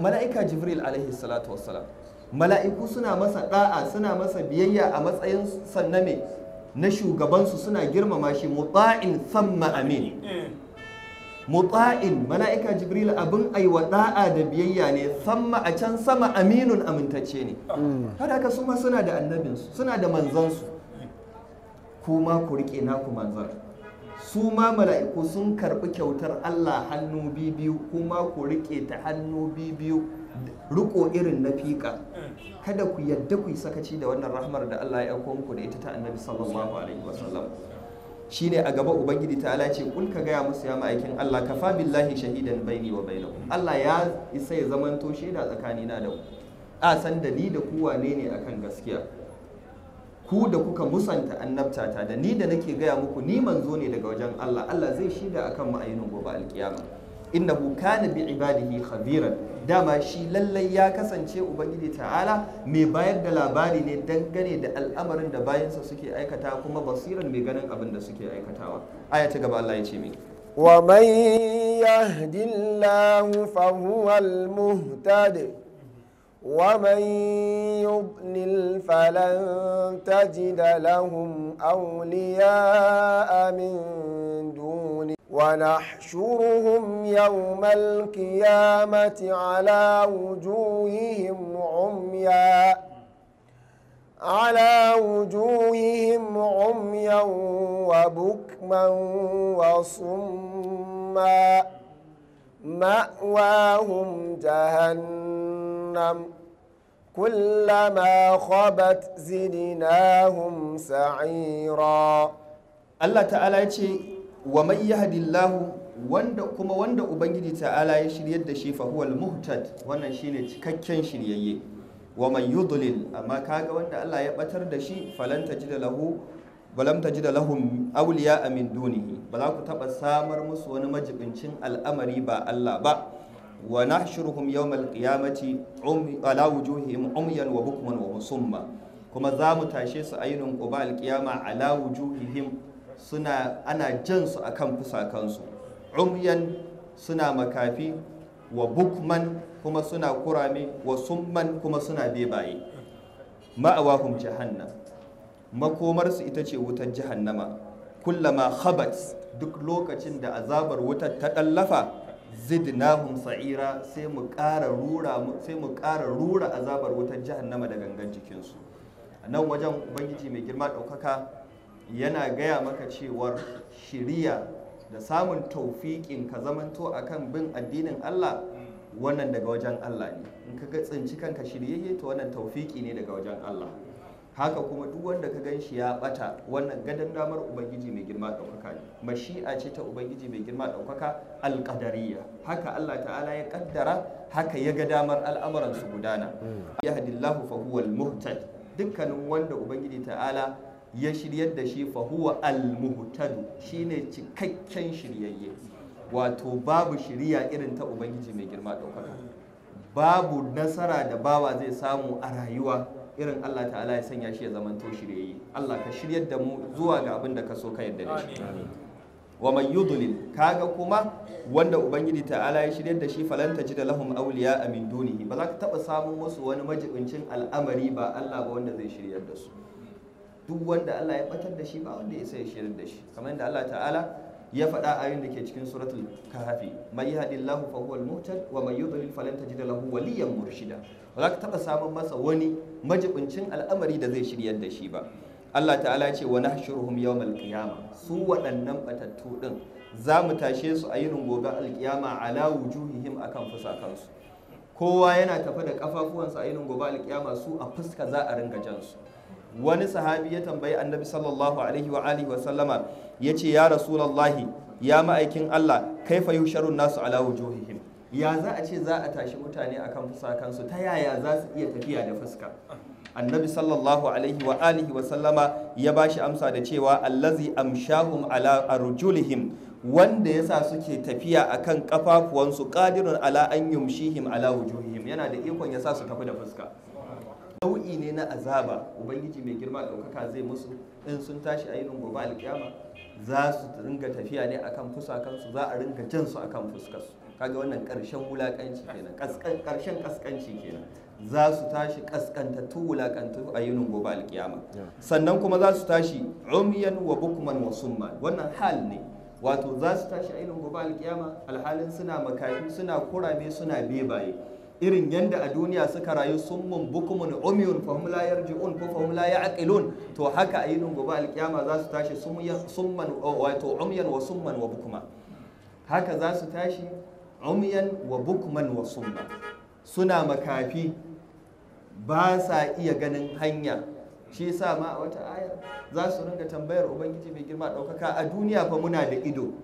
mala'ika jibril alaihi salatu wasalam mala'iku suna masa ɗa'a suna masa biyayya a matsayin sanna na shugabansu suna girmama shi mutsa'in samma amin eh. mutsa'in mala'ika jibril abin aiwa da'a da biyayya ne samma a can sama aminun amintacce ne kada mm. ka suma suna da annabinsu suna da manzansu kuma ku rike naku manzan su ma mala'iku sun karɓi kyautar allah hannu biyu kuma ku rike ta hannu biyu riko irin na fiƙa kada ku yadda ku yi sakaci da wannan rahmar da allah ya aiko muku da ita ta annabi sallallahu alaihi wasallam Shi ne a gaba ubangiji ala ce kul ka gaya musu ya ma'aikin Allah kafa billahi shahidan baini wa bainakum Allah ya isa ya zamanto shaida tsakanina da ku a san da ni da ku wane ne akan gaskiya ku da kuka musanta annabtata da ni da nake gaya muku ni manzo ne daga wajen Allah Allah zai shiga akan ma'ayinin gobe alkiyama innahu kana bi ibadihi khabiran dama shi lallai ya kasance ubangiji ta'ala mai bayar da labari ne dangane da al'amarin da bayansa suke aikata kuma basiran mai ganin abin da suke aikatawa aya ta gaba Allah ya ce mini wa man yahdi Allah fa huwa al-muhtadi wa man yudlil falan tajida lahum awliya min duni ونحشرهم يوم القيامة على وجوههم عميا على وجوههم عميا وبكما وصما مأواهم جهنم كلما خبت زدناهم سعيرا الله تعالى يقول wa man yahdillahu wanda kuma wanda ubangiji ta'ala ya shiryar da shi fa huwal muhtad wannan shine cikakken shiryayye wa man yudlil amma kaga wanda Allah ya batar da shi falan tajida lahu balam tajida lahum awliya min dunihi ba za ku taba samar musu wani majibincin al'amari ba Allah ba wa nahshuruhum yawmal qiyamati um, ala wujuhihim umyan wa bukman wa musumma kuma za mu tashe su ainun quba qiyama ala wujuhihim suna ana jansu a akan fusakansu umyan suna makafi wa bukman kuma suna kurame wa summan kuma suna bebaye ma'awahum jahannam makomarsu ita ce wutar jahannama kullama khabat duk lokacin da azabar wutar ta dallafa zidnahum sa'ira sai mu ƙara rura sai mu ƙara rura azabar wutar jahannama da gangan jikinsu a nan wajen ubangiji mai girma ɗaukaka yana gaya maka cewar shiriya da samun taufiƙin ka zamanto a kan bin addinin Allah wannan daga wajen Allah ne in ka ga tsinci kanka shiryayye to wannan taufiƙi ne daga wajen Allah haka kuma duk wanda ka gan shi ya bata wannan gadon damar ubangiji mai girma ɗaukaka ne mashi'a ce ta ubangiji mai girma ɗaukaka alƙadariya haka Allah ta'ala ya ƙaddara haka ya ga damar al'amuran su gudana hmm. ya hadillahu fa huwal muhtad dukkanin wanda ubangiji ta'ala ya shiryar da shi fahuwa al-muhtadu shine cikakken shiryayye wato babu shiriya irin ta ubangiji mai girma ɗaukaka babu nasara da bawa zai samu a rayuwa irin Allah ta'ala ya sanya shi ya zamanto shiryayye Allah ka shiryar da mu zuwa ga abin da ka so ka yarda da shi wa man yudlil kaga kuma wanda ubangiji ta'ala ya shiryar da shi Falanta ji da lahum awliya amin dunihi ba za ka taba samun wasu wani majibincin al'amari ba Allah ba wanda zai shiryar da su duk wanda Allah ya batar da shi ba wanda ya sai shirin da shi kamar yadda Allah ta'ala ya faɗa ayoyin da ke cikin suratul kahfi may yahdillahu fa huwal muhtad wa may yudlil falan tajid lahu waliyan murshida ba za ka taɓa samun masa wani majibincin al'amari da zai shiryar da shi ba Allah ta'ala ya ce wa nahshuruhum yawmal qiyamah su waɗannan batattu din za mu tashe su a yinin gobe alkiyama ala wujuhihim akan fusakansu kowa yana tafe da kafafuwansa a yinin gobe alkiyama su a fuska za a ringa jansu wani sahabi ya tambayi annabi sallallahu alaihi wa alihi wa sallama yace ya rasulallahi ya ma'aikin Allah kaifa yusharun nasu ala wujuhihim ya za a ce za a tashi mutane akan fusakansu ta yaya za su iya tafiya da fuska annabi sallallahu alaihi wa alihi wa sallama ya bashi amsa da cewa allazi amshahum ala arjulihim wanda yasa suke tafiya akan kafafuwansu qadirun ala an yumshihim ala wujuhihim yana da ikon yasa su tafi da fuska nau'i ne na azaba ubangiji mai girma ɗaukaka zai musu in sun tashi a yinin gobe alƙiyama za su ringa tafiya ne akan fusakansu za a ringa jan su akan fuskarsu kaga wannan ƙarshen wulaƙanci kenan ƙarshen ƙasƙanci kenan za su tashi ƙasƙantattu wulaƙantattu a yinin gobe alƙiyama sannan kuma za su tashi umyan wa bukman wa summa wannan hal ne wato za su tashi a yinin gobe alƙiyama alhalin suna makafi suna kurame suna bebaye irin yadda a duniya suka rayu summun bukumun umyun fahum la yarji'un ko fahum la ya'qilun to haka a yinin gobe alkiyama za su tashi summan wato umiyan wa summan wa bukuma haka za su tashi umiyan wa bukuman wa summa suna makafi ba sa iya ganin hanya shi yasa ma a wata aya za su ringa tambayar ubangiji mai girma ɗaukaka a duniya fa muna da ido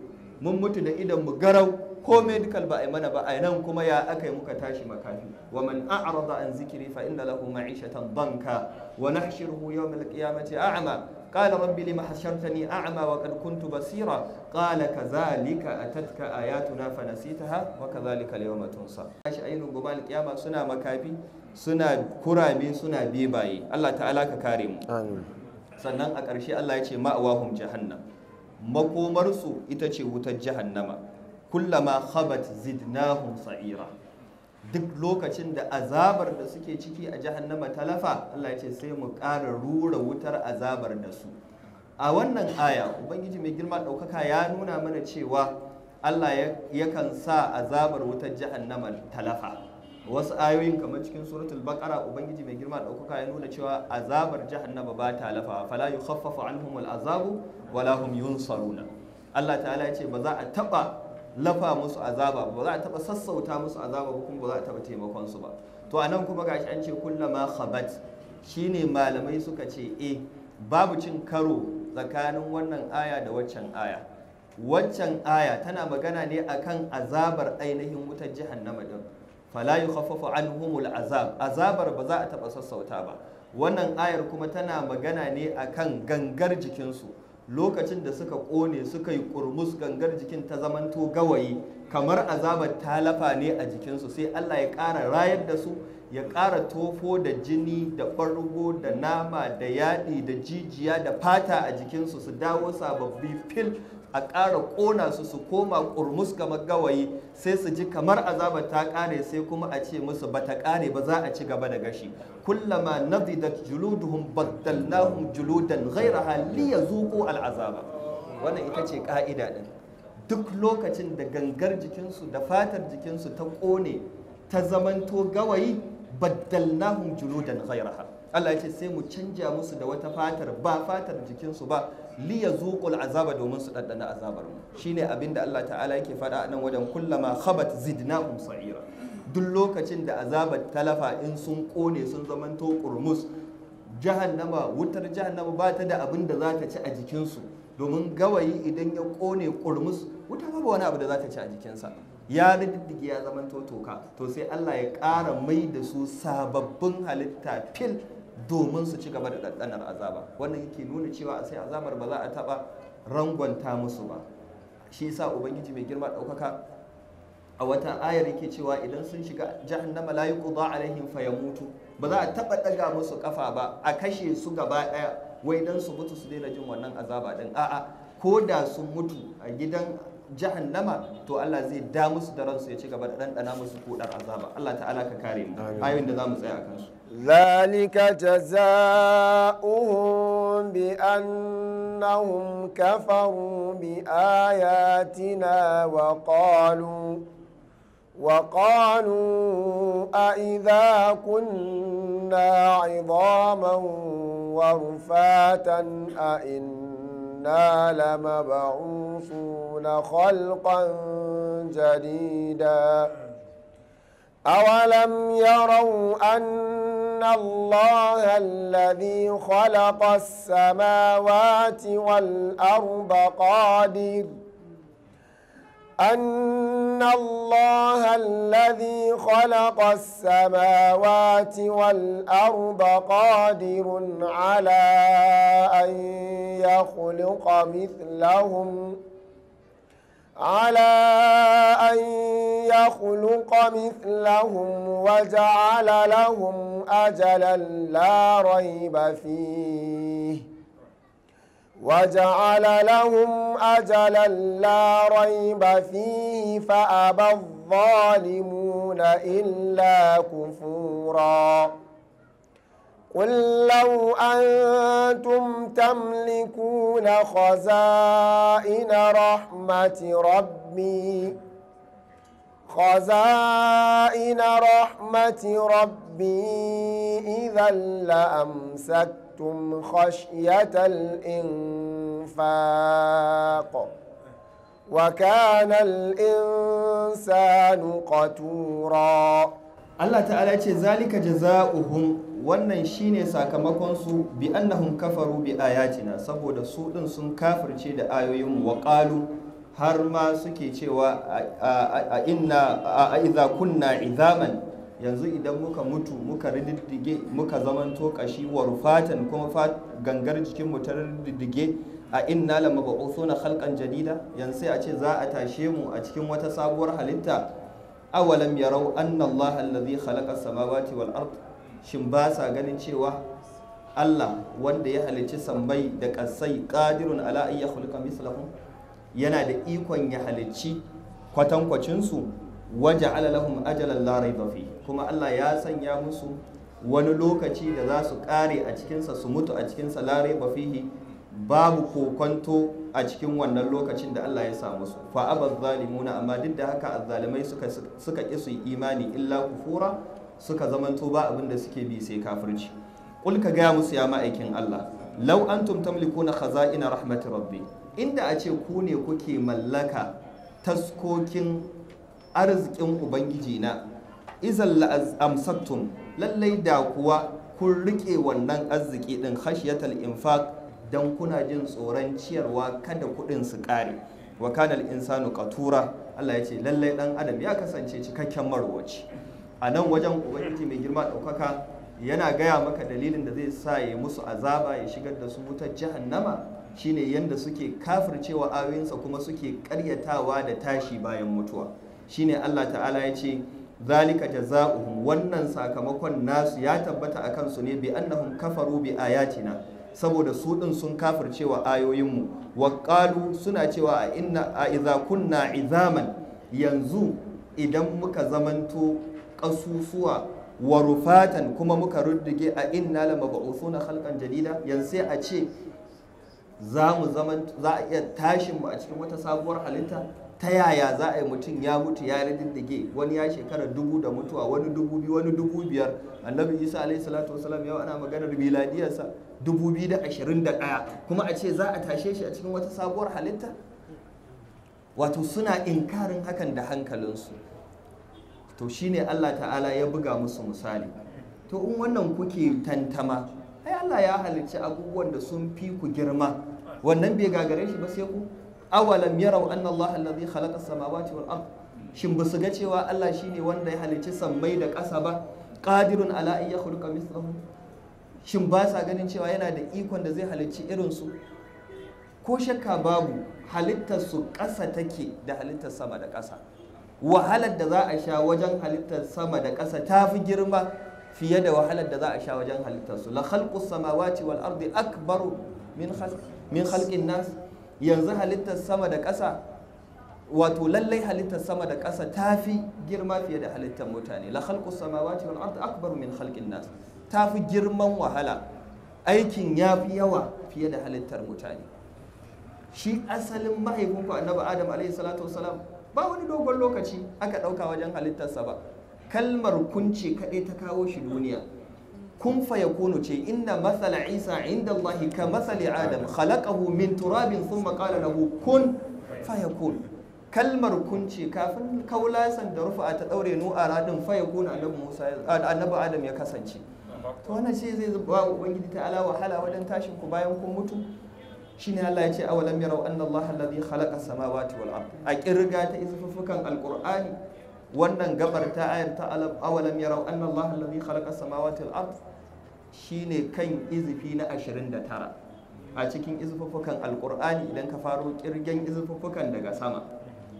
mun mutu da idon mu garau Ko medikal ba a yi mana ba a nan kuma ya aka yi muka tashi makafi wa man a'rada an zikiri fa inna lahu ma'ishatan danka wa nahshiruhu yawm al-qiyamati a'ma qala rabbi lima hashartani a'ma wa qad kuntu basira qala kadhalika atatka ayatuna fa nasitaha wa kadhalika al-yawma tunsa shi ayinu gobal qiyama suna makafi suna kurami suna bebaye. Allah ta'ala ka kare mu amin sannan a ƙarshe Allah ya ce ma'awahum jahannam makomarsu ita ce wutar jahannama kullama khabat zidnahum sa'ira duk lokacin da azabar da suke ciki a jahannama talafa Allah ya ce sai mu ƙara rura wutar azabar da su a wannan aya ubangiji mai girma ɗaukaka ya nuna mana cewa Allah yakan sa azabar wutar jahannama talafa wasu ayoyin kamar cikin suratul baqara ubangiji mai girma ɗaukaka ya nuna cewa azabar jahannama ba ta lafa fala yukhaffafu anhum al'azabu wala hum yunsaruna Allah ta'ala ya ce ba za a taba lafa musu azaba ba za a taba sassauta musu azaba ba kuma ba za a taba taimakon su ba to a nan kuma gashi an ce kullama khabat shine malamai suka ce e babu cin karo tsakanin wannan aya da waccan aya waccan aya tana magana ne akan azabar ainihin wutar jahannama din fala yukhaffafu anhumul azab azabar ba za a taba sassauta ba wannan ayar kuma tana magana ne akan gangar jikinsu lokacin da suka ƙone suka yi ƙurmus gangar jikin ta zamanto gawayi kamar azabar talafa ne a jikinsu sai Allah ya ƙara rayar da su ya ƙara tofo da jini da ɓargo da nama da yaɗi da jijiya da fata a jikinsu su dawo sababbi fil a ƙara ƙona su su koma ƙurmus gaba gawayi sai su ji kamar azaba ta ƙare sai kuma a ce musu ba ta ƙare ba za a ci gaba da gashi kullama nadidat juluduhum baddalnahum juludan ghayraha liyazuqu al'azaba wannan ita ce ka'ida din duk lokacin da gangar jikinsu da fatar jikinsu ta ƙone ta zamanto gawayi baddalnahum juludan ghayraha Allah ya ce sai mu canja musu da wata fatar ba fatar jikinsu ba liya yazuqul azaba domin su daddana azabar mu shine abinda Allah ta'ala yake faɗa a nan wajen kullama khabat zidna sa'ira duk lokacin da azabar talafa in sun kone sun zamanto kurmus jahannama wutar jahannama ba ta da abin da za ta ci a jikinsu domin gawayi idan ya kone kurmus wuta ba wani abu da za ta ci a jikinsa ya riddige ya zamanto toka to sai Allah ya ƙara mai da su sababbin halitta fil domin su ci gaba da ɗanɗanar azaba wannan yake nuna cewa a sai azabar ba za a taɓa rangwanta musu ba shi yasa ubangiji mai girma ɗaukaka a wata ayar yake cewa idan sun shiga jahannama la yuqda alaihim fayamutu ba za a taɓa ɗaga musu kafa ba a kashe su gaba ɗaya wai dan su mutu su daina jin wannan azaba din a'a ko da sun mutu a gidan jahannama to Allah zai da musu da ransu ya ci gaba da ɗanɗana musu kudar azaba Allah ta'ala ka kare mu ayoyin da za mu tsaya a kansu ذلك جزاؤهم بأنهم كفروا بآياتنا وقالوا وقالوا أئذا كنا عظاما ورفاتا أئنا لمبعوثون خلقا جديدا أولم يروا أن أن الله الذي خلق السماوات والأرض قادر أن الله الذي خلق السماوات والأرض قادر على أن يخلق مثلهم على أن يخلق مثلهم وجعل لهم أجلا لا ريب فيه وجعل لهم أجلا لا ريب فيه فأبى الظالمون إلا كفوراً قل لو أنتم تملكون خزائن رحمة ربي خزائن رحمة ربي إذا لأمسكتم خشية الإنفاق وكان الإنسان قتوراً Allah ta'ala ce zalika jaza'uhum wannan shine sakamakon su bi annahum kafaru bi ayatina saboda su din sun kafirce da ayoyin wa qalu har ma suke cewa a inna a idza kunna izaman yanzu idan muka mutu muka riddige muka zamanto kashi wa rufatan kuma gangar jikin mu ta riddige a inna lamab'uthuna khalqan jadida yanzu sai a ce za a tashe mu a cikin wata sabuwar halitta awalam yarau rau Allah allazi khalaqa samawati wal ard shin ba sa ganin cewa Allah wanda ya halicci sambai da kasai qadirun ala ayya khulqa mislahum yana da ikon ya halicci kwatankwacin su waja'ala lahum ajalan la rayba kuma Allah ya sanya musu wani lokaci da za su kare a cikinsa su mutu a cikinsa la rayba babu kokonto a cikin wannan lokacin da Allah ya samu su fa abal zalimuna amma duk da haka azzalimai suka suka ki su imani illa kufura suka zamanto ba abin suke bi sai kafirci kul ka ga musu ya ma'aikin Allah law antum tamlikuna khaza'ina rahmati rabbi inda a ce ku ne kuke mallaka taskokin arzikin ubangiji na izal la amsaktum lallai da kuwa kun rike wannan arziki din khashiyatal infaq don kuna jin tsoron ciyarwa kada kuɗin su ƙare wa insanu qatura Allah ya ce lallai dan adam ya kasance cikakken marwaci a nan wajen ubangiji mai girma ɗaukaka yana gaya maka dalilin da zai sa ya musu azaba ya shigar da su wutar jahannama shine yadda suke kafircewa ayoyinsa kuma suke karyatawa da tashi bayan mutuwa shine Allah ta'ala ya ce zalika jazaohum wannan sakamakon nasu ya tabbata akan su ne bi annahum kafaru bi ayatina saboda su din sun kafircewa ayoyinmu wa qalu suna cewa a inna a izakun na izaman yanzu idan muka zamanto ƙasusuwa, wa rufatan kuma muka ruddige a inna la na halkan jadida yanzu sai a ce za mu zaman za a iya tashin mu a cikin wata sabuwar halitta ta yaya za a yi mutum ya mutu ya riddige wani ya shekara dubu da mutuwa wani dubu biyu wani dubu biyar annabi isa alaihi salatu wasalam yau ana maganar miladiyarsa 2021 kuma a ce za a tashe shi a cikin wata sabuwar halitta wato suna inkarin hakan da hankalinsu to shine Allah ta'ala ya buga musu misali to in wannan kuke tantama ai Allah ya halicci abubuwan da sun fi ku girma wannan bai gagare shi ba sai ku awalam yarau anna Allah alladhi khalaqa samawati wal ard shin ba su ga cewa Allah ne wanda ya halicci sammai da ƙasa ba qadirun ala an yakhluqa mithlahum shin ba sa ganin cewa yana da ikon da zai halicci irinsu ko shakka babu su ƙasa take da halittar sama da ƙasa wahalar da za a sha wajen halittar sama da ƙasa ta fi girma fiye da wahalar da za a sha wajen su. la khalqus samawati wal ardi akbaru min khalq min khalqin nas yanzu halittar sama da ƙasa wato lallai halittar sama da ƙasa ta fi girma fiye da halittar mutane la khalqus samawati wal ardi akbaru min khalqin nas ta fi girman wahala aikin ya fi yawa fiye da halittar mutane shi asalin mahaifinku annabi adam alaihi salatu wasalam ba wani dogon lokaci aka ɗauka wajen halittarsa ba kalmar kunce kaɗai ta kawo shi duniya kun fa yakunu ce inna matsala isa inda allahi ka matsali adam khalaqahu min turabin sun qala lahu kun fa yakun kalmar kunce kafin kaulasan da rufa ta ɗaure nu a radin fa annabi adam ya kasance to wannan shi zai ba ubangiji ta ala wahala wajen tashin ku bayan kun mutu shine Allah ya ce awalam yarau anna Allah alladhi khalaqa samawati wal ard a kirga ta izufuffukan alqur'ani wannan gabar ta ayar ta awalam yarau anna Allah alladhi khalaqa samawati wal ard shine kan izifi na 29 a cikin izufuffukan alqur'ani idan ka faro kirgen izufuffukan daga sama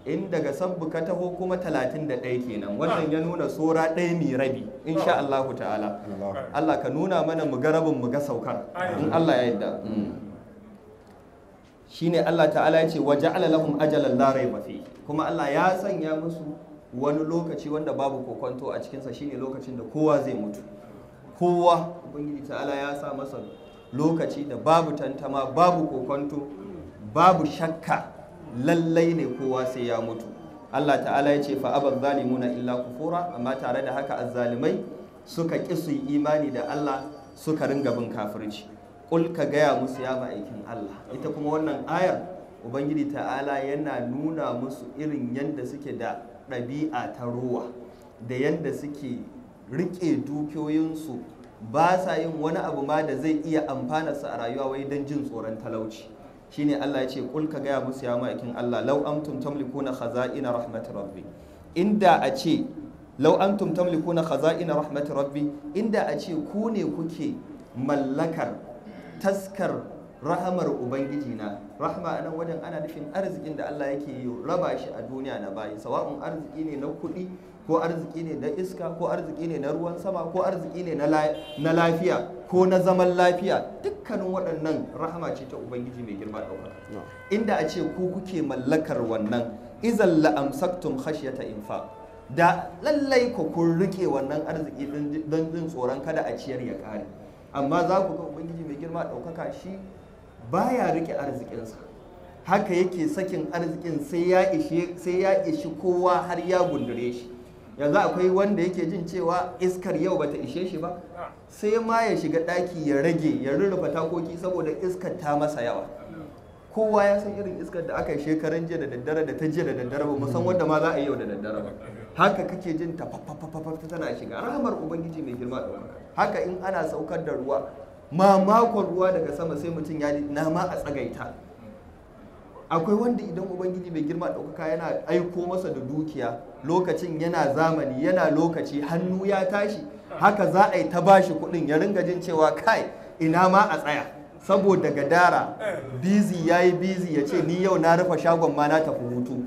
in daga sabbu ka taho kuma 31 kenan wannan ya nuna sora ɗaya mai rabi insha Allah ta'ala Allah ka nuna mana mu garabin mu ga saukar in Allah ya yadda mm. shine Allah ta'ala ya ce waje lahum ajalan larai rayba kuma Allah ya sanya musu wani lokaci wanda babu kokonto a cikinsa shine lokacin da kowa zai mutu kowa ubangiji ta'ala ya sa masa lokaci da babu tantama babu kokonto babu shakka lallai ne kowa sai ya mutu Allah ta'ala ya ce fa'abar abal zalimuna illa kufura amma tare da haka azzalimai suka ƙi su imani da Allah suka ringa bin kafirci kul ka gaya musu ya ma'aikin Allah ita kuma wannan ayar ubangiji ta'ala yana nuna musu irin yadda suke da ɗabi'a ta ruwa da yadda suke riƙe dukiyoyinsu ba sa yin wani abu ma da zai iya amfana su a rayuwa wai don jin tsoron talauci shine Allah ya ce kul ka gaya musu ya ma'aikin Allah law antum tamlikuna khaza'ina rahmatir rabbi inda a ce law antum tamlikuna khaza'ina rahmatir rabbi inda a ce ku ne kuke mallakar taskar rahamar ubangiji na rahma anan wajen ana nufin arzikin da Allah yake yi raba shi a duniya na bayi sawa'un arziki ne na kuɗi ko arziki ne na iska ko arziki ne na ruwan sama ko arziki ne na lafiya ko na zaman lafiya dukkanin waɗannan rahama ce ta ubangiji mai girma ɗaukaka inda a ce ku kuke mallakar wannan izan la'amsaktum khashyata infa da lallai ku kun rike wannan arziki don jin tsoron kada a ciyar ya kare amma za ku ga ubangiji mai girma ɗaukaka shi baya rike arzikinsa haka yake sakin arzikin sai ya ishi kowa har ya gundure shi yanzu akwai wanda yake jin cewa iskar yau bata ishe shi ba sai ma ya shiga daki ya rage ya rurrufa takoki saboda iskar ta masa yawa kowa ya san irin iskar da aka yi shekaran jiya da daddare da ta jiya da daddare ba musan wanda ma za a yi yau da daddare ba haka kake jin ta ta tana shiga rahamar ubangiji mai girma da haka in ana saukar da ruwa mamakon ruwa daga sama sai mutum ya na ma a tsagaita akwai wanda idan ubangiji mai girma ɗaukaka yana aiko masa da dukiya lokacin yana zamani yana lokaci hannu ya tashi haka za a yi ta bashi kuɗin ya ringa jin cewa kai ina ma a tsaya saboda gadara bizi ya yi bizi ya ce ni yau na rufe shagon ma na tafi hutu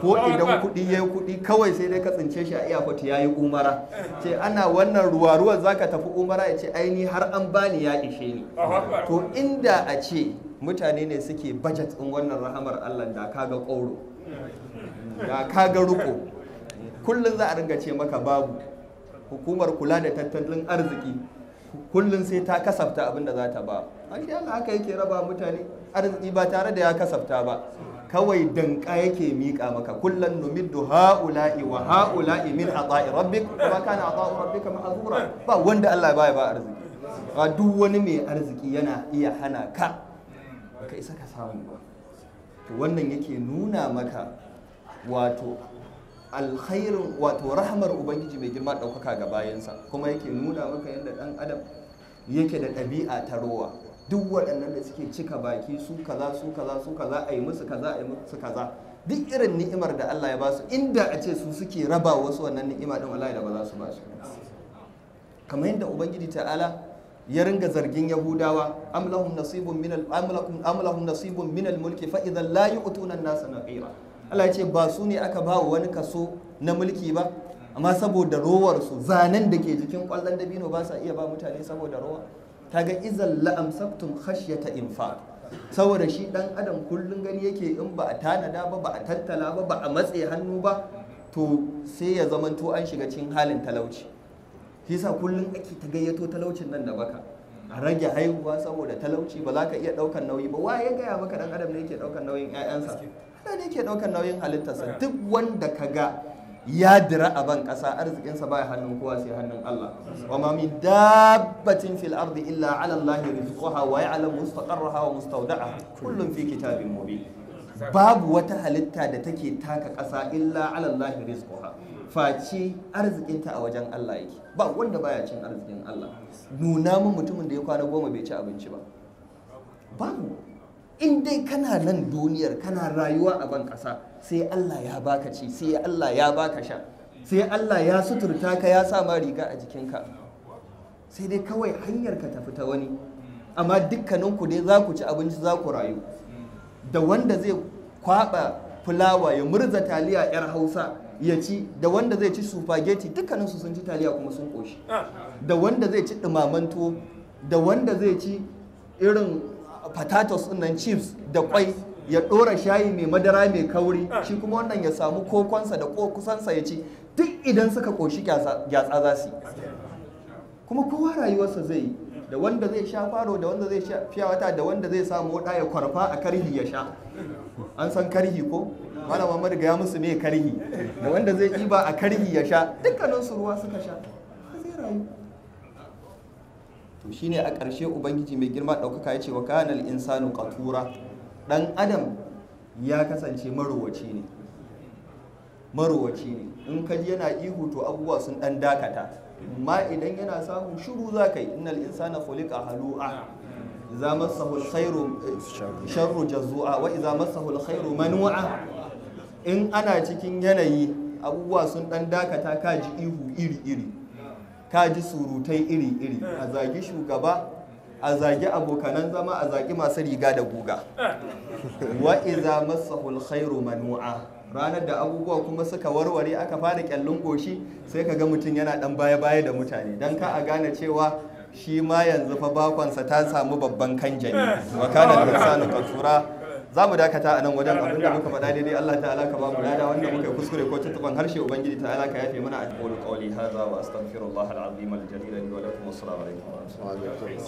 ko idan kuɗi ya yi kuɗi kawai sai dai ka tsince shi a iya kwata ya yi umara ce ana wannan ruwa ruwan za ka tafi umara ya ce aini har an bani ya ishe ni to inda a ce mutane ne suke bajet ɗin wannan rahamar allah da kaga ƙoro da kaga ruko. kullum za a ringa ce maka babu hukumar kula da tattalin arziki kullum sai ta kasafta abinda za ta ba a idan haka yake raba mutane arziki ba tare da ya kasafta ba kawai danka yake miƙa maka kullum numiddu ha'ula'i wa ha'ula'i min ata'i rabbik ba kana ata'u rabbika ma'azura ba wanda Allah baya ba arziki ba duk wani mai arziki yana iya hana ka baka isa ka samu ba to wannan yake nuna maka wato alkhairin wato rahmar ubangiji mai girma ɗaukaka ga bayansa kuma yake nuna maka yadda ɗan adam yake da ɗabi'a ta rowa duk waɗannan da suke cika baki su kaza su kaza su kaza a yi musu kaza a yi musu kaza duk irin ni'imar da Allah ya basu inda a ce su suke raba wasu wannan ni'ima din wallahi da ba za su ba kamar yadda ubangiji ta'ala ya ringa zargin yahudawa am nasibun min al nasibun min al mulki fa idan la yu'tuna an-nasa naqira Allah ya ce ba su ne aka ba wani kaso na mulki ba amma saboda rowarsu zanen da ke jikin kwallon dabino ba sa iya ba mutane saboda rowa ta ga izal la'amsaktum ta infaq saboda shi dan adam kullun gani yake in ba a tanada ba ba a tattala ba ba a matse hannu ba to sai ya zamanto an shiga cikin halin talauci shi yasa kullun ake ta gayyato talaucin nan da baka a rage haihuwa saboda talauci ba za ka iya ɗaukan nauyi ba wa ya gaya maka dan adam ne yake ɗaukan nauyin 'ya'yansa Allah ne ke ɗaukar nauyin halittarsa duk wanda ka ga ya dira a ban ƙasa arzikinsa baya hannun kowa sai hannun Allah wa ma min dabbatin fil ardi illa ala Allah rizquha wa ya'lamu mustaqarraha wa mustawda'aha kullun fi kitabin mubin babu wata halitta da take taka ƙasa illa ala Allah rizquha face arzikinta a wajen Allah yake ba wanda baya cin arzikin Allah nuna mun mutumin da ya kwana goma bai ci abinci ba babu in dai kana nan duniyar kana rayuwa a ban ƙasa sai Allah ya baka ci sai Allah ya baka sha sai Allah ya suturta ka ya sa ma riga a jikinka sai dai kawai hanyar ka tafi ta wani amma dukkaninku dai za ku ci abinci za ku rayu da wanda zai kwaba fulawa ya murza taliya yar hausa ya ci da wanda zai ci supageti dukkaninsu sun ci taliya kuma sun ƙoshi ah. da wanda zai ci dumamanto, da wanda zai ci irin potatoes ɗin nan chips da kwai ya ɗora shayi mai madara mai kauri ah. shi kuma wannan ya samu kokonsa da kusansa ya ci duk idan suka koshi gyatsa za su yi. kuma kowa rayuwarsa zai yi da wanda zai sha faro da wanda zai sha fiyawata da wanda zai samu wada ya kwarfa a karhi ya sha an san karhi ko malam Muhammad ga ya musu ne karhi da wanda zai iba a karhi ya sha dukkanin su ruwa suka sha zai rayu to shine a ƙarshe ubangiji mai girma ɗaukaka ya ce wa kanal insanu qatura dan adam ya kasance marowaci ne marowaci ne in ka ji yana ihu to abubuwa sun dan dakata amma idan yana samu shiru za ka yi innal insana khuliqa halu'a idza a, alkhairu eh, sharru jazua wa idza massahu alkhairu manua in ana cikin yanayi abubuwa sun dan dakata ka ji ihu iri iri ta ji surutai iri-iri a zagi shugaba a zagi abokanan zama a zagi masu riga da guga wa iza masahul khairu manu'a ranar da abubuwa kuma suka warware aka fara kyallin goshi sai ka ga mutum yana dan baya-baya da mutane don ka a gane cewa shi ma yanzu fa bakonsa ta samu babban kanjani wa za mu dakata a nan wajen abin da muka faɗa daidai Allah ta'ala ka ba mu lada wanda muka kuskure ko tuntuban harshe ubangiji ta'ala ka yafe mana a qawli qawli hadha wa astaghfirullah al-azim al-jalil li wa lakum assalamu alaikum wa rahmatullahi